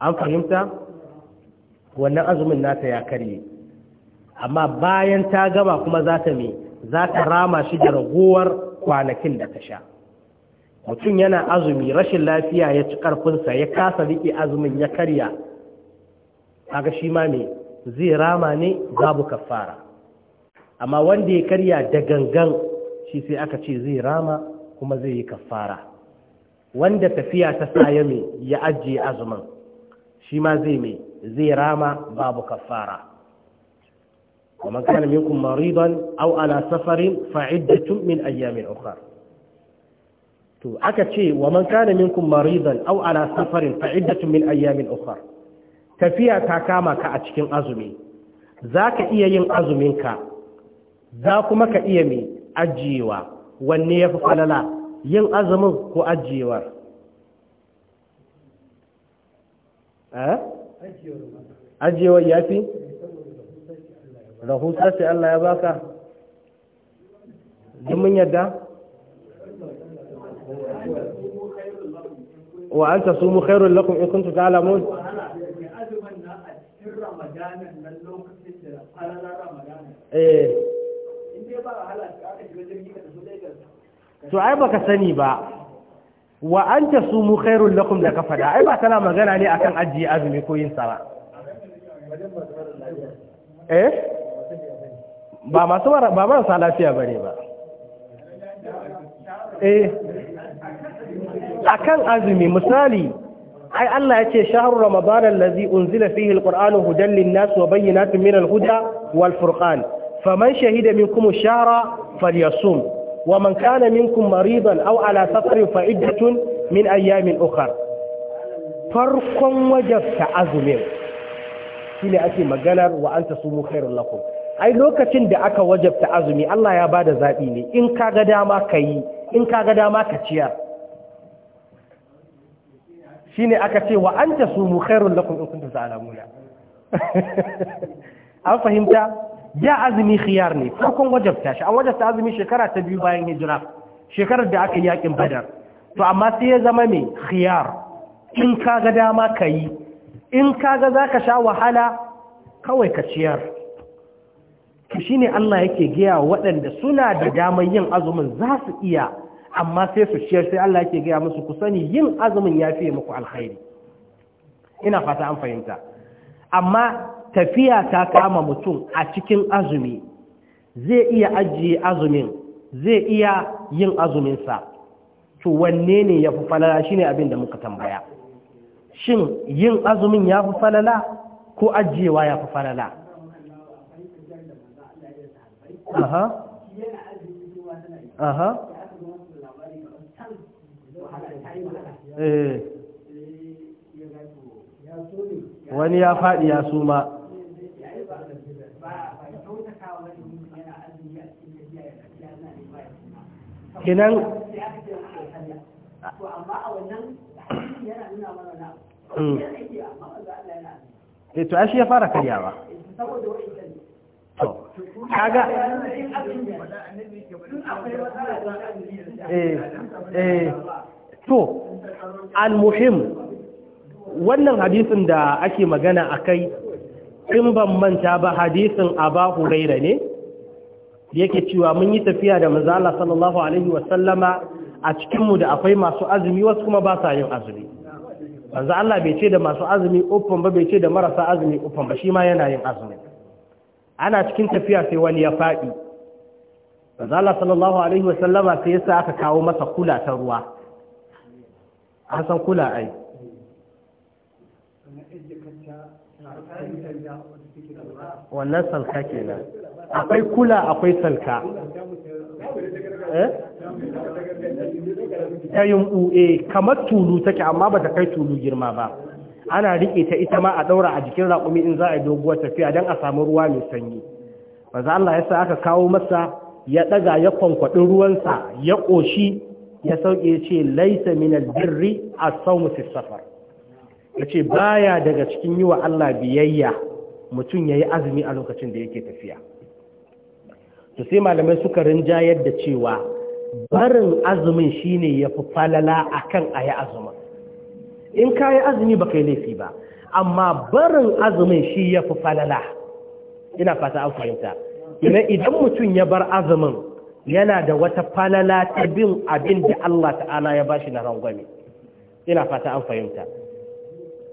an fahimta wannan azumin nata ya karye amma bayan ta gama kuma za ta me za ta rama shi da raguwar kwanakin da ta sha mutum yana azumi rashin lafiya ya ci karfinsa ya kasa riƙe azumin ya karya kaga shi ma mai, zai rama ne babu kafara amma wanda ya karya da gangan shi sai aka ce zai rama kuma zai yi kafara wanda tafiya ta saya mai, ya ajiye azumin shi ma zai mai, zai rama babu kafara ومن كان منكم مريضا أو على سفر فعدة من أيام أخر to aka ce wa man kana minkum maridan aw ala safarin fa iddatun min ayamin ukhra tafiya ta kama ka a cikin azumi zaka iya yin azumin za kuma ka iya mi ajiyewa wanne yafi falala yin azumin ko ajiyewar eh ajiyewar yafi rahusa ce Allah ya baka mun yadda wa an ta sumu khairun lakum in ta'lamun eh. to ai baka sani ba wa an ta khairun lakum da ka fada ai ba tana magana ne akan ajiye azumi ko yin sara eh ba masu ba marasa lafiya ba ne ba eh akan azumi misali ai Allah ya ce shahru ramadan allazi unzila fihi alqur'anu hudan linnas wa bayyinatin min alhuda wal furqan faman shahida minkum ash-shahra falyasum wa man kana minkum maridan aw ala safarin fa iddatun min ayyamin ukhra farkon wajabta azumin shine ake maganar wa anta sumu khairul lakum ai lokacin da aka wajabta azumi Allah ya bada zaɓi ne in ka ga dama ka yi in ka dama ka ciya shi aka ce wa an ta khairul lakum in kuntum ta'lamuna an fahimta da azumi khiyar ne farkon wajabta shi an wajabta azumi shekara ta biyu bayan hijira shekarar da aka yi yakin badar to amma sai ya zama mai khiyar in ka dama ka yi in ka ga za sha wahala kawai ka ciyar to ne Allah yake gaya waɗanda suna da damar yin azumin za su iya amma sai su ciyar sai Allah yake gaya musu ku sani yin azumin ya fiye muku alkhairi ina fata an fahimta amma tafiya ta kama mutum a cikin azumi zai iya ajiye azumin zai iya yin azuminsa to wanne ne ya fi falala shine abin da muka tambaya shin yin azumin ya fi falala ko ajiyewa ya fi falala aha aha eh. wani ya faɗi ya ma kinan hmm. eh, to ashe ya fara karyawa kaga eh eh to al-muhim wannan hadisin da ake magana akai in ban manta ba hadisin Aba Huraira ne yake cewa mun yi tafiya da manzo Allah sallallahu alaihi wasallama a cikin mu da akwai masu azumi wasu kuma ba sa yin azumi manzo Allah bai ce da masu azumi uffan ba bai ce da marasa azumi uffan ba shi ma yana yin azumi ana cikin tafiya sai wani ya faɗi Allah sallallahu alaihi wasallama sai yasa aka kawo masa kula ta ruwa A san kula ai wannan salka kenan akwai kula akwai salka eh? ta yin u'e eh, kamar tulu take amma ba ta kai tulu girma ba ana riƙe ta ita ma a ɗaura a jikin raƙumi in za a yi doguwar tafiya don a samu ruwa mai sanyi maza Allah ya sa aka kawo masa ya ɗaga ya ruwan ruwansa ya ƙoshi ya sauƙi ya ce laisa min birri a mu safar ya ce baya daga cikin yi wa Allah biyayya mutum ya yi azumi a lokacin da yake tafiya to sai malamai suka rinjayar da cewa barin azumin shine ya fi falala akan a yi azumin in ka yi azumi ba ka yi laifi ba amma barin azumin shi ya fi falala ina fata an fahimta ina idan mutum ya bar azumin yana da wata falala ta bin abin da Allah ta'ala ya bashi na rangwame ina fata an fahimta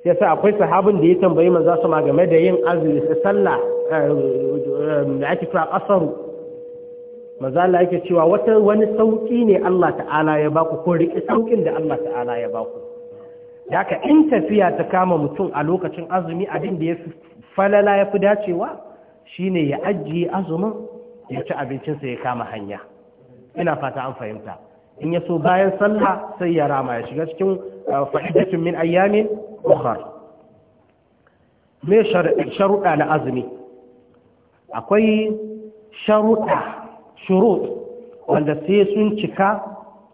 sai sa akwai sahabin da ya tambayi manzo sama game da yin azumi sai sallah eh, da ake kira qasaru manzo Allah yake cewa wata wani sauki ne Allah ta'ala ya baku ko riƙe saukin da Allah ta'ala ya baku da in tafiya ta kama mutum a lokacin azumi abin da ya falala ya fi dacewa shine ya ajiye azumin ya ci abincinsa ya kama hanya ina fata an fahimta in ya so bayan sallah sai ya rama ya shiga cikin ah, fa'idatun min ayyamin ukhar me sharuɗa na azumi akwai sharuɗa shurut wanda sai sun cika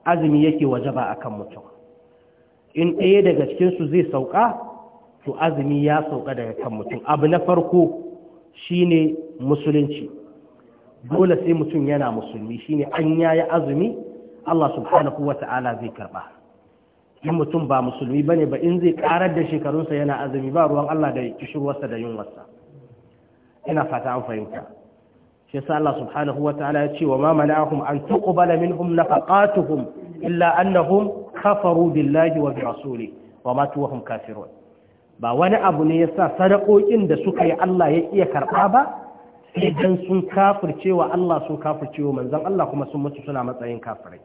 azumi yake wajaba kan mutum in ɗaya daga cikinsu zai sauka to azumi ya sauka daga kan mutum abu na farko shine musulunci dole sai mutum yana musulmi shine an yayi azumi Allah subhanahu wata'ala zai karba in mutum ba musulmi bane ba in zai karar da shekarunsa yana azumi ba ruwan Allah da kishirwarsa da yunwarsa ina fata an fahimta shi yasa Allah subhanahu wata'ala ya ce wa ma mana'ahum an tuqbala minhum nafaqatuhum illa annahum kafaru billahi wa bi rasuli wa matu wahum kafirun ba wani abu ne yasa sadakokin da suka yi Allah ya iya karba ba sai dan sun kafirce Allah sun kafirce manzon Allah kuma sun mutu suna matsayin kafirai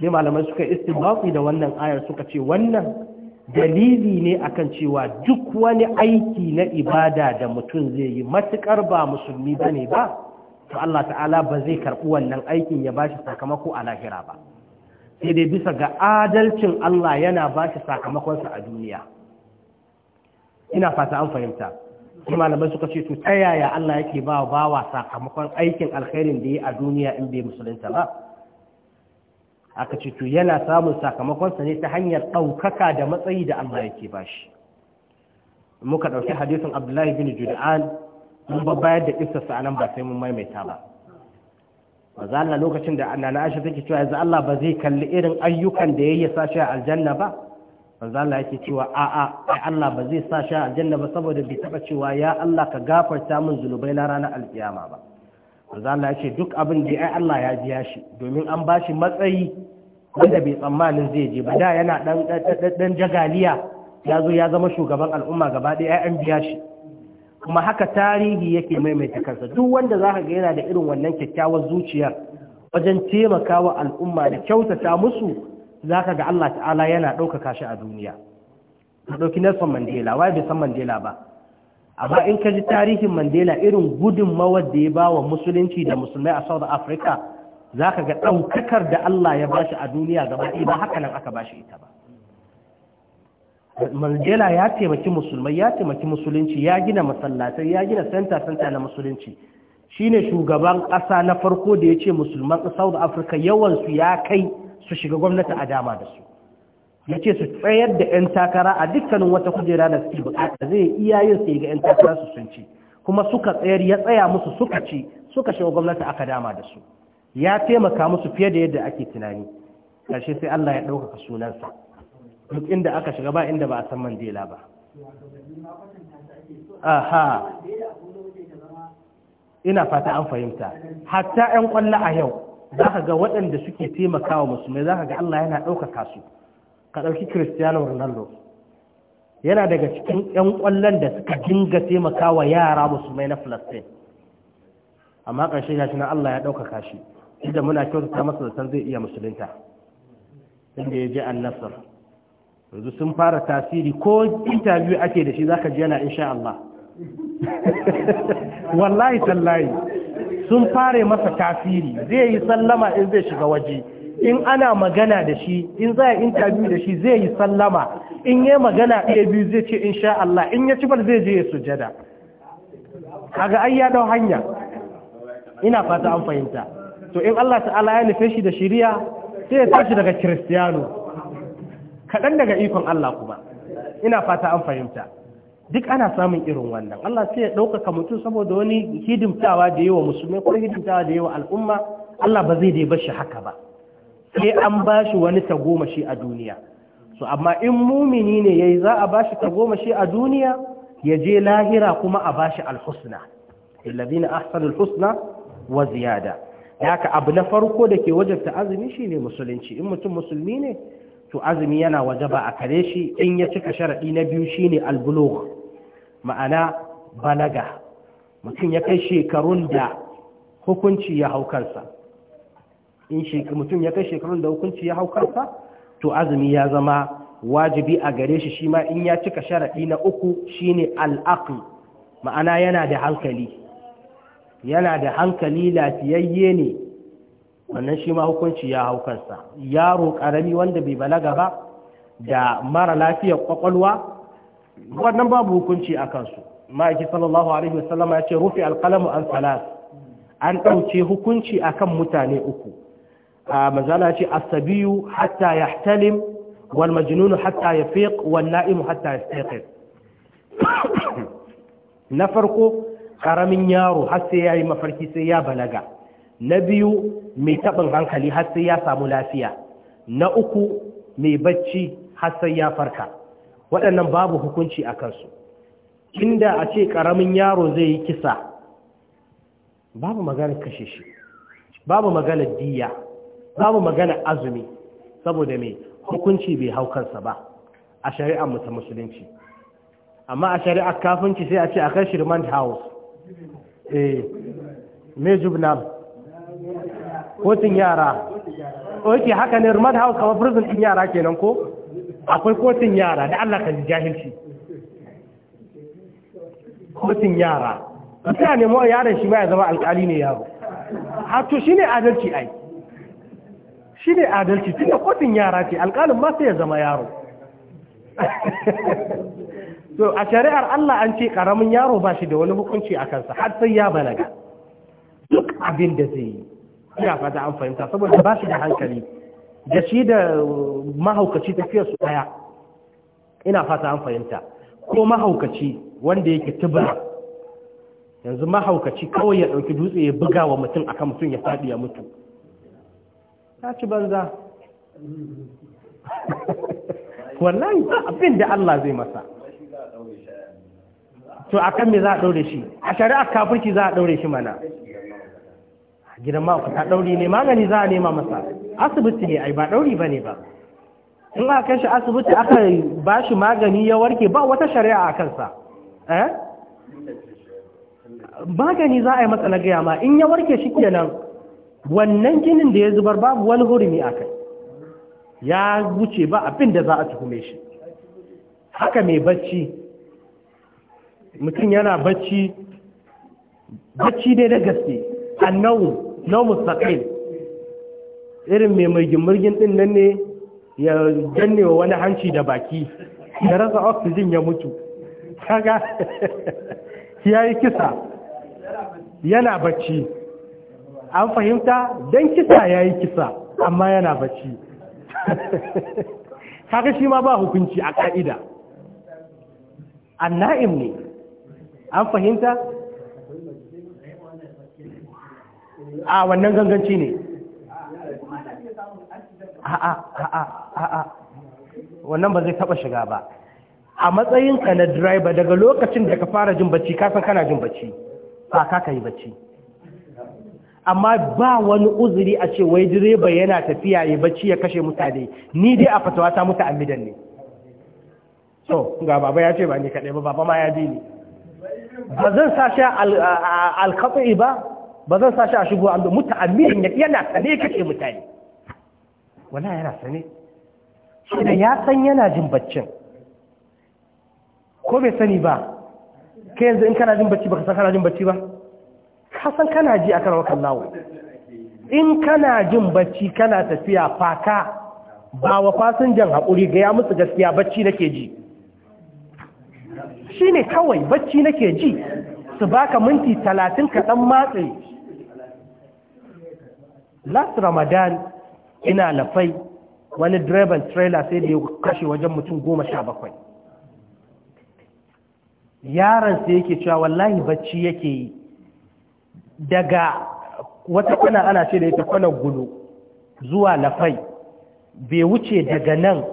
sai malamai suka istibaqi da wannan ayar suka ce wannan dalili ne akan cewa duk wani aiki na ibada da mutum zai yi matukar ba musulmi bane ba to Allah ta'ala ba zai karɓi wannan aikin ya bashi sakamako a lahira ba sai dai bisa ga adalcin Allah yana ba shi sakamakonsa a duniya ina fata an fahimta kuma malamai suka ce to ta yaya Allah yake ba bawa sakamakon aikin alkhairin da ya a duniya in bai musulunta ba aka ce to yana samun sakamakonsa ne ta hanyar ɗaukaka da matsayi da Allah yake ba shi muka ɗauki hadisin abdullahi bin juda'an mun babbayar da ƙistarsa nan ba sai mun maimaita ba Ba za Allah lokacin da annana Aisha take cewa yanzu Allah ba zai kalli irin ayyukan da yayi sa shi a aljanna ba maza Allah yake cewa a'a ai Allah ba zai sa shi aljanna ba saboda bai taba cewa ya Allah ka gafarta min zulubai na ranar alkiyama ba maza Allah ya duk abin da ai Allah ya biya shi domin an ba shi matsayi wanda bai tsammanin zai je ba da yana dan dan jagaliya ya zo ya zama shugaban al'umma gaba ɗaya ai an biya shi kuma haka tarihi yake maimaita kansa duk wanda za ka ga yana da irin wannan kyakkyawar zuciyar wajen taimakawa al'umma da kyautata musu za ka ga Allah ta'ala yana ɗaukaka shi a duniya ka ɗauki Nelson Mandela wai bai san Mandela ba amma in ka ji tarihin Mandela irin gudunmawar da ya ba wa musulunci da musulmai a South Africa za ka ga ɗaukakar da Allah ya bashi a duniya gaba ɗaya ba haka nan aka bashi ita ba mandela ya taimaki musulmai ya taimaki musulunci ya gina masallatai ya gina center center na musulunci shine shugaban ƙasa na farko da ya ce musulman south africa su ya kai su shiga gwamnati a dama da su ya su tsayar da 'yan takara a dukkanin wata kujera da suke bukata zai iya yin sai ga 'yan takara su sun ci kuma suka tsayar ya tsaya musu suka ci suka shiga gwamnati aka dama da su ya taimaka musu fiye da yadda ake tunani ƙarshe sai allah ya ɗaukaka sunansa duk da aka shiga ba inda ba a san mandela ba aha ina fata an fahimta hatta 'yan kwallo a yau za ka ga waɗanda suke taimakawa musulmai za ka ga Allah yana ɗaukaka su ka ɗauki cristiano ronaldo yana daga cikin 'yan kwallon da suka dinga taimakawa yara musulmai na filastin amma ƙarshe ya na Allah ya ɗaukaka shi inda muna kyautata masa da zai iya musulunta inda ya je an nasar yanzu sun fara tasiri ko interview ake da shi zaka ji yana insha Allah wallahi tallahi sun fara masa tasiri zai yi sallama in zai shiga waje in ana magana da shi in za a interview da shi zai yi sallama in yi magana ɗaya biyu zai ce insha Allah in ya cibar zai je ya sujada kaga ai ya dau hanya ina fata an fahimta to in Allah ta'ala ya nufe shi da shiriya sai ya tashi daga kiristiyano kaɗan daga ikon Allah kuma ina fata an fahimta duk ana samun irin wannan Allah sai ya ɗaukaka mutum saboda wani hidimtawa da yawa Musulmi, ko hidimtawa da yawa al'umma Allah ba zai dai bashi haka ba sai an bashi wani tagomashi a duniya so amma in mumini ne yayi za a bashi tagomashi a duniya ya je lahira kuma a bashi alhusna alladhina ahsanu alhusna wa ziyada haka abu na farko da ke wajabta azumi shine musulunci in mutum musulmi ne to azumi yana wajaba a kare shi in ya cika sharaɗi na biyu shine albulugh ma'ana balaga mutum ya kai shekarun da hukunci ya haukar sa. in mutum ya kai shekarun da hukunci ya to azumi ya zama wajibi a gare shi shi ma in ya cika sharaɗi na uku shine al'aql ma'ana yana da hankali yana da hankali lafiyayye ne wannan shi ma hukunci ya hau kansa yaro karami wanda bai balaga ba da mara lafiyar kwakwalwa wannan babu hukunci a kansu ma'aiki sallallahu alaihi wasallama ya ce rufe alkalamu an salas an ɗauce hukunci akan mutane uku a mazala ce asabiyu hatta ya talim wal majnunu hatta ya fiq wal na'imu hatta ya staqif na farko karamin yaro har sai yayi mafarki sai ya balaga na biyu mai taɓin hankali har sai ya samu lafiya na uku mai bacci har sai ya farka waɗannan babu hukunci a kansu inda a ce ƙaramin yaro zai yi kisa babu maganar kashe shi babu maganar diya babu maganar azumi saboda mai hukunci bai hau kansa ba a shari'ar mu ta musulunci amma a shari'ar kafinci sai a ce a kai shirman house eh mai jubnal kotun yara oke haka ne rumad house kama prison din yara kenan ko akwai kotun yara da Allah ka ji jahilci kotun yara mutum ne mu yaran shi ma ya zama alkali ne yaro hatu to shine adalci ai shine adalci da kotun yara ce alkalin ma sai ya zama yaro to a shari'ar Allah an ce karamin yaro ba shi da wani hukunci a kansa har sai ya balaga duk abin da zai yi ina fata an fahimta saboda ba su da hankali da shi da mahaukaci tafiya su daya ina fata an fahimta ko mahaukaci wanda yake tubura yanzu mahaukaci kawai ya ɗauki dutse ya buga wa mutum akan mutum ya faɗi ya mutu ta ci banza wallahi abin da Allah zai masa to akan me za a ɗaure shi a shari'a kafirki za a ɗaure shi mana gidan ta ɗauri ne magani za a nema masa asibiti ne ai ba dauri ba ba in aka kai shi asibiti aka ba shi magani ya warke ba wata shari'a a kansa eh magani za a yi masa na gaya ma in ya warke shi kenan wannan jinin da ya zubar babu wani hurumi a kai ya wuce ba abin da za a tuhume shi haka mai bacci mutum yana bacci bacci dai da gaske annawu na mustaqil irin mai mai gimurgin din nan ne ya janne wa wani hanci da baki ya rasa oxygen ya mutu kaga ya yi kisa yana bacci an fahimta don kisa ya yi kisa amma yana bacci kaga shi ma ba hukunci a ka'ida an na'im ne an fahimta a wannan ganganci ne a'a wannan ba zai taba shiga ba a matsayinka na driver daga lokacin da ka fara jin bacci ka san kana jin bacci ba ka kai bacci amma ba wani uzuri a ce wai direba yana tafiya ya bacci ya kashe mutane ni dai a fatawa ta mutu amidan ne so ga baba ya ce ba ni kaɗai ba baba ma ya bi ni ba zan sa shi alkafi ba ba zan sa shi a shigo ando muta amirin yana sane kashe mutane wala yana sane shi da ya san yana jin baccin ko bai sani ba ka yanzu in kana jin bacci ba ka san kana jin bacci ba ka san kana ji a kan wakan lawo in kana jin bacci kana tafiya faka ba wa jan haƙuri ga ya musu gaskiya bacci nake ji shi ne kawai bacci nake ji su baka minti talatin ka ɗan matse last ramadan ina lafai wani direban trailer sai da ya kashe wajen mutum goma sha bakwai yaron sai yake cewa wallahi bacci yake yi daga wata kwana ana ce da ita kwanan gulu zuwa lafai bai wuce daga nan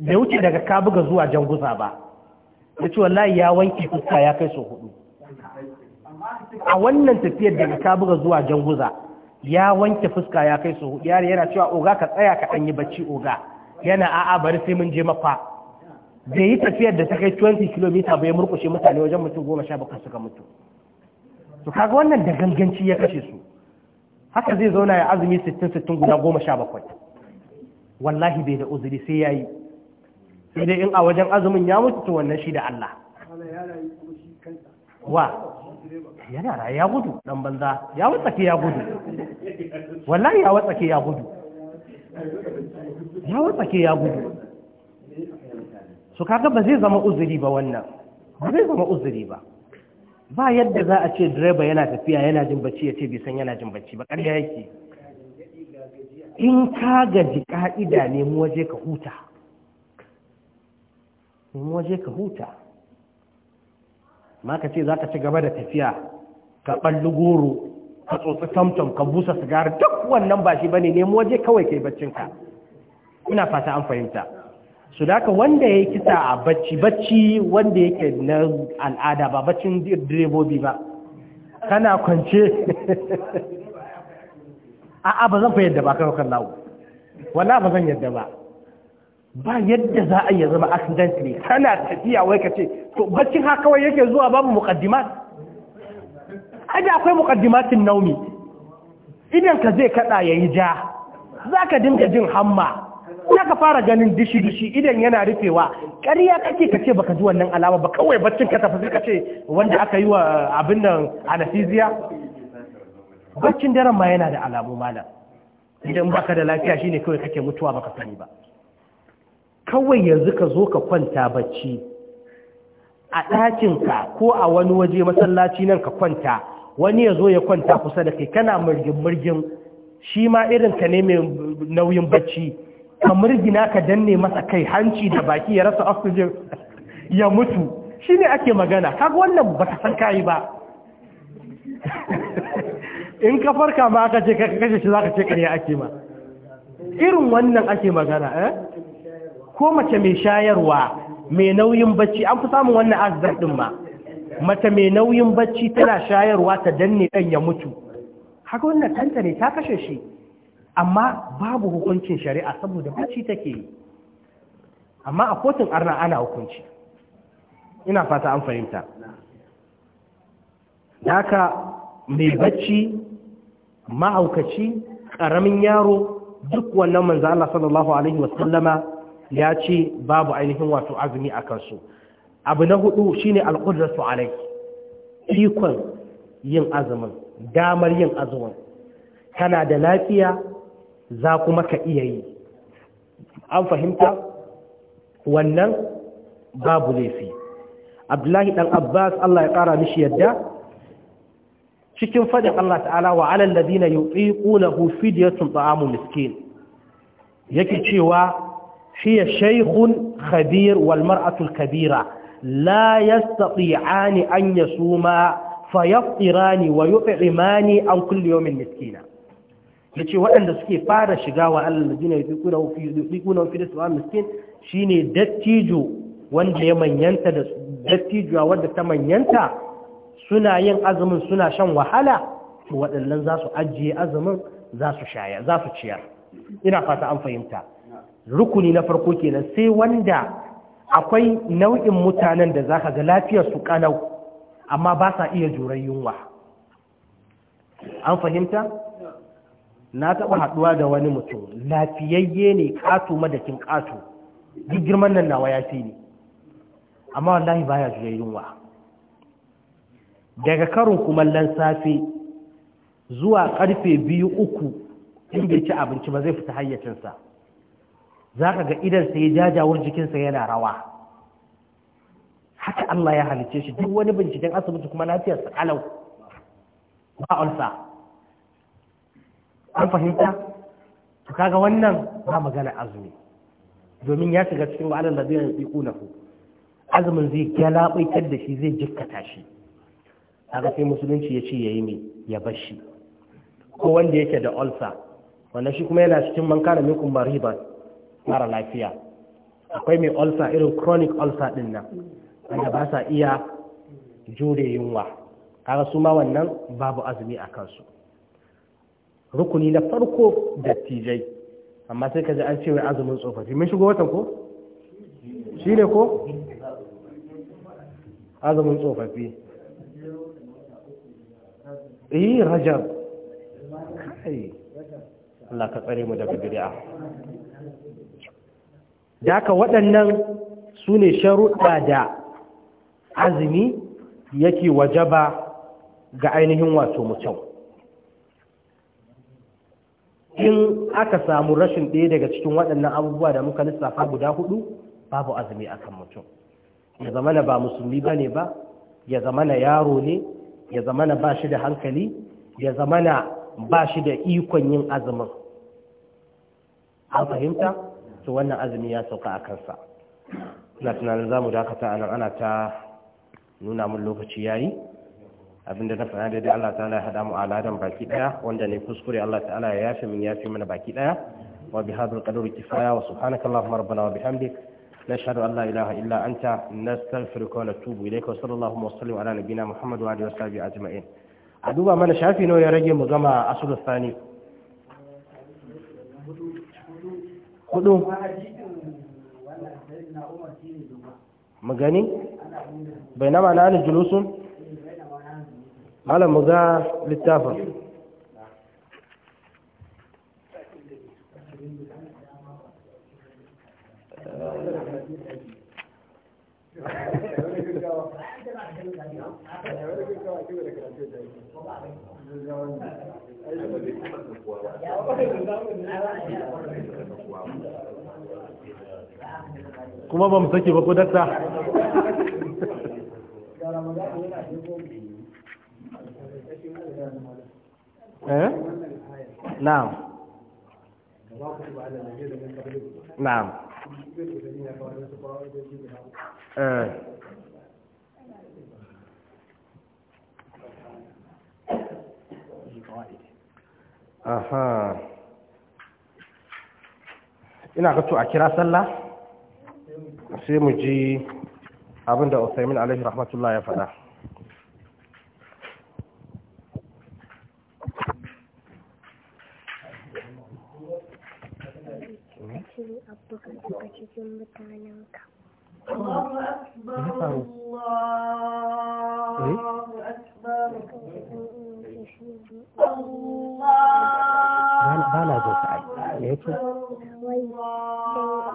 bai wuce daga kabuga zuwa janguza ba ya ce wallahi ya wanke fuska ya kai su hudu a wannan tafiyar daga kabuga zuwa janguza ya wanke fuska ya kai su yare yana cewa oga ka tsaya ka ɗanyi yi bacci oga yana a'a bari sai mun je mafa Zai yi tafiyar da ta kai 20 km bai murkushe mutane wajen mutum goma sha bakwai suka mutu to kaga wannan da ganganci ya kashe su haka zai zauna ya azumi 60 60 guda goma sha bakwai wallahi bai da uzuri sai ya yi. sai dai in a wajen azumin ya mutu to wannan shi da Allah wa yana raye ya gudu dan banza ya watsake ya gudu wallahi ya watsake ya gudu ya watsake ya gudu su kaga ba zai zama uzuri ba wannan ba zai zama uzuri ba ba yadda za a ce direba yana tafiya yana jin bacci ya ce bai san yana jin bacci ba ƙarya yake in ka gaji ka'ida ne mu waje ka huta mu waje ka huta ma ka ce za ka ci gaba da tafiya ka ɓalli goro ka tsotsi tamtam ka busa sigari duk wannan ba shi ba ne nemo waje kawai yi baccinka ina fata an fahimta su da wanda ya yi kisa a bacci bacci wanda yake na al'ada ba baccin direbobi ba kana kwance a'a ba zan fa yadda ba kai kan lawo wala ba zan yadda ba ba yadda za a iya zama accidentally kana tafiya wai ka ce to baccin haka kawai yake zuwa babu muqaddimat aje akwai muqaddimatin naumi idan ka zai kada yayi ja zaka dinga jin hamma zaka fara ganin dishi dishi idan yana rufewa ƙarya kake kace baka ji wannan alama ba kawai baccin ka tafi ka ce wanda aka yi wa abin nan anesthesia baccin daren ma yana da alamu malam idan baka da lafiya shine kawai kake mutuwa baka sani ba kawai yanzu ka zo ka kwanta bacci a ɗakinka ko a wani waje masallaci nan ka kwanta wani ya zo ya kwanta kusa da kai kana murgin-murgin shi ma irinka ne mai nauyin bacci ka murgina ka danne masa kai hanci da baki ya rasa oxygen ya mutu shi ne ake magana kaga wannan ba ta san kayi ba in ka farka ma aka ce ka kashe shi za ka ce karya ake ma irin wannan ake magana eh ko mace mai shayarwa mai nauyin bacci an fi samun wannan accident ɗin ma mace mai nauyin bacci tana shayarwa ta danne dan ya mutu haka wannan tanta ne ta kashe shi amma babu hukuncin shari'a saboda bacci take yi amma a kotun arna ana hukunci ina fata an fahimta haka mai bacci mahaukaci ƙaramin yaro duk wannan manzo Allah sallallahu alaihi wasallama ya ce babu ainihin wato azumi a kansu abu na hudu shine alqudratu alai ikon yin azumin damar yin azumin kana da lafiya za kuma ka iya yi an fahimta wannan babu laifi abdullahi dan abbas Allah ya ƙara mishi yadda cikin fadin Allah ta'ala wa alal ladina yutiqunahu fidyatun ta'amu miskin yake cewa hiya shaykhun khabir wal mar'atu al kabira la yastati'ani an yasuma fayaftirani wa yut'imani an kulli yawmin miskina yace waɗanda suke fara shiga wa Allah ladina yuquna fi yuquna fi su'al miskin shine dattijo wanda ya manyanta da dattijuwa wanda ta manyanta suna yin azumin suna shan wahala to waɗannan za su ajiye azumin za su shaya za su ciyar ina fata an fahimta rukuni na farko kenan sai wanda akwai nau'in mutanen da zaka ga lafiyar su kanau amma ba sa iya jurar yunwa an fahimta na taɓa haduwa da wani mutum lafiyayye ne ƙato madakin ƙatu duk girman nan nawa ya fi ne amma wallahi baya juya yunwa daga karin kumallon safe zuwa karfe biyu uku in bai ci abinci ba zai fita hayyacinsa za ka ga idansa ya jajawar jikinsa yana rawa haka Allah ya halice shi duk wani binciken asibiti kuma lafiyarsa kalau ba ulsa an fahimta to kaga wannan ba magana azumi domin ya shiga cikin wa'alan da zai yi ku azumin zai galabaitar da shi zai jikkata shi kaga sai musulunci ya ce yayi me ya bar shi ko wanda yake da ulsa wannan shi kuma yana cikin man kare minkum riba mara lafiya akwai mai ulcer irin chronic ulcer din nan wanda ba sa iya jure yunwa kaga su ma wannan babu azumi a kansu rukuni na farko da dattijai amma sai ka ji an ce wai azumin tsofaffi mun shigo watan ko shi ne ko azumin tsofaffi eh rajab kai Allah ka tsare mu daga bid'a da waɗannan su ne sharuɗa da azumi yake wajaba ga ainihin wato mutum in aka samu rashin ɗaya daga cikin waɗannan abubuwa da muka lissafa guda hudu babu azumi akan mutum ya na ba musulmi ba ne ba ya zama na yaro ne ya na ba shi da hankali ya zamana ba shi da ikon yin azumin an fahimta to wannan azumi ya sauka a kansa ina tunanin za mu dakata a nan ana ta nuna mun lokaci yayi abinda na faɗa daidai Allah ta'ala ya haɗa mu a ladan baki ɗaya wanda ne kuskure Allah ta'ala ya yafe min yafe mana baki ɗaya wa bi hadal qadri kifaya wa subhanaka allahumma rabbana wa bihamdik nashhadu an la ilaha illa anta nastaghfiruka wa natubu ilayka wa sallallahu wa sallim ala nabiyyina muhammad wa alihi wa sahbihi ajma'in a duba mana shafi nawa ya rage mu gama asulul thani مجاني بينما انا الان جلوس على مذا للتافه kuma ba mu sake ba ko dakta eh na'am na'am eh aha ina ga to a kira sallah sai mu ji abin da usaimin alaihi rahmatullah ya faɗa Allah Allah Allah Allah Allah Allah Allah Allah Allah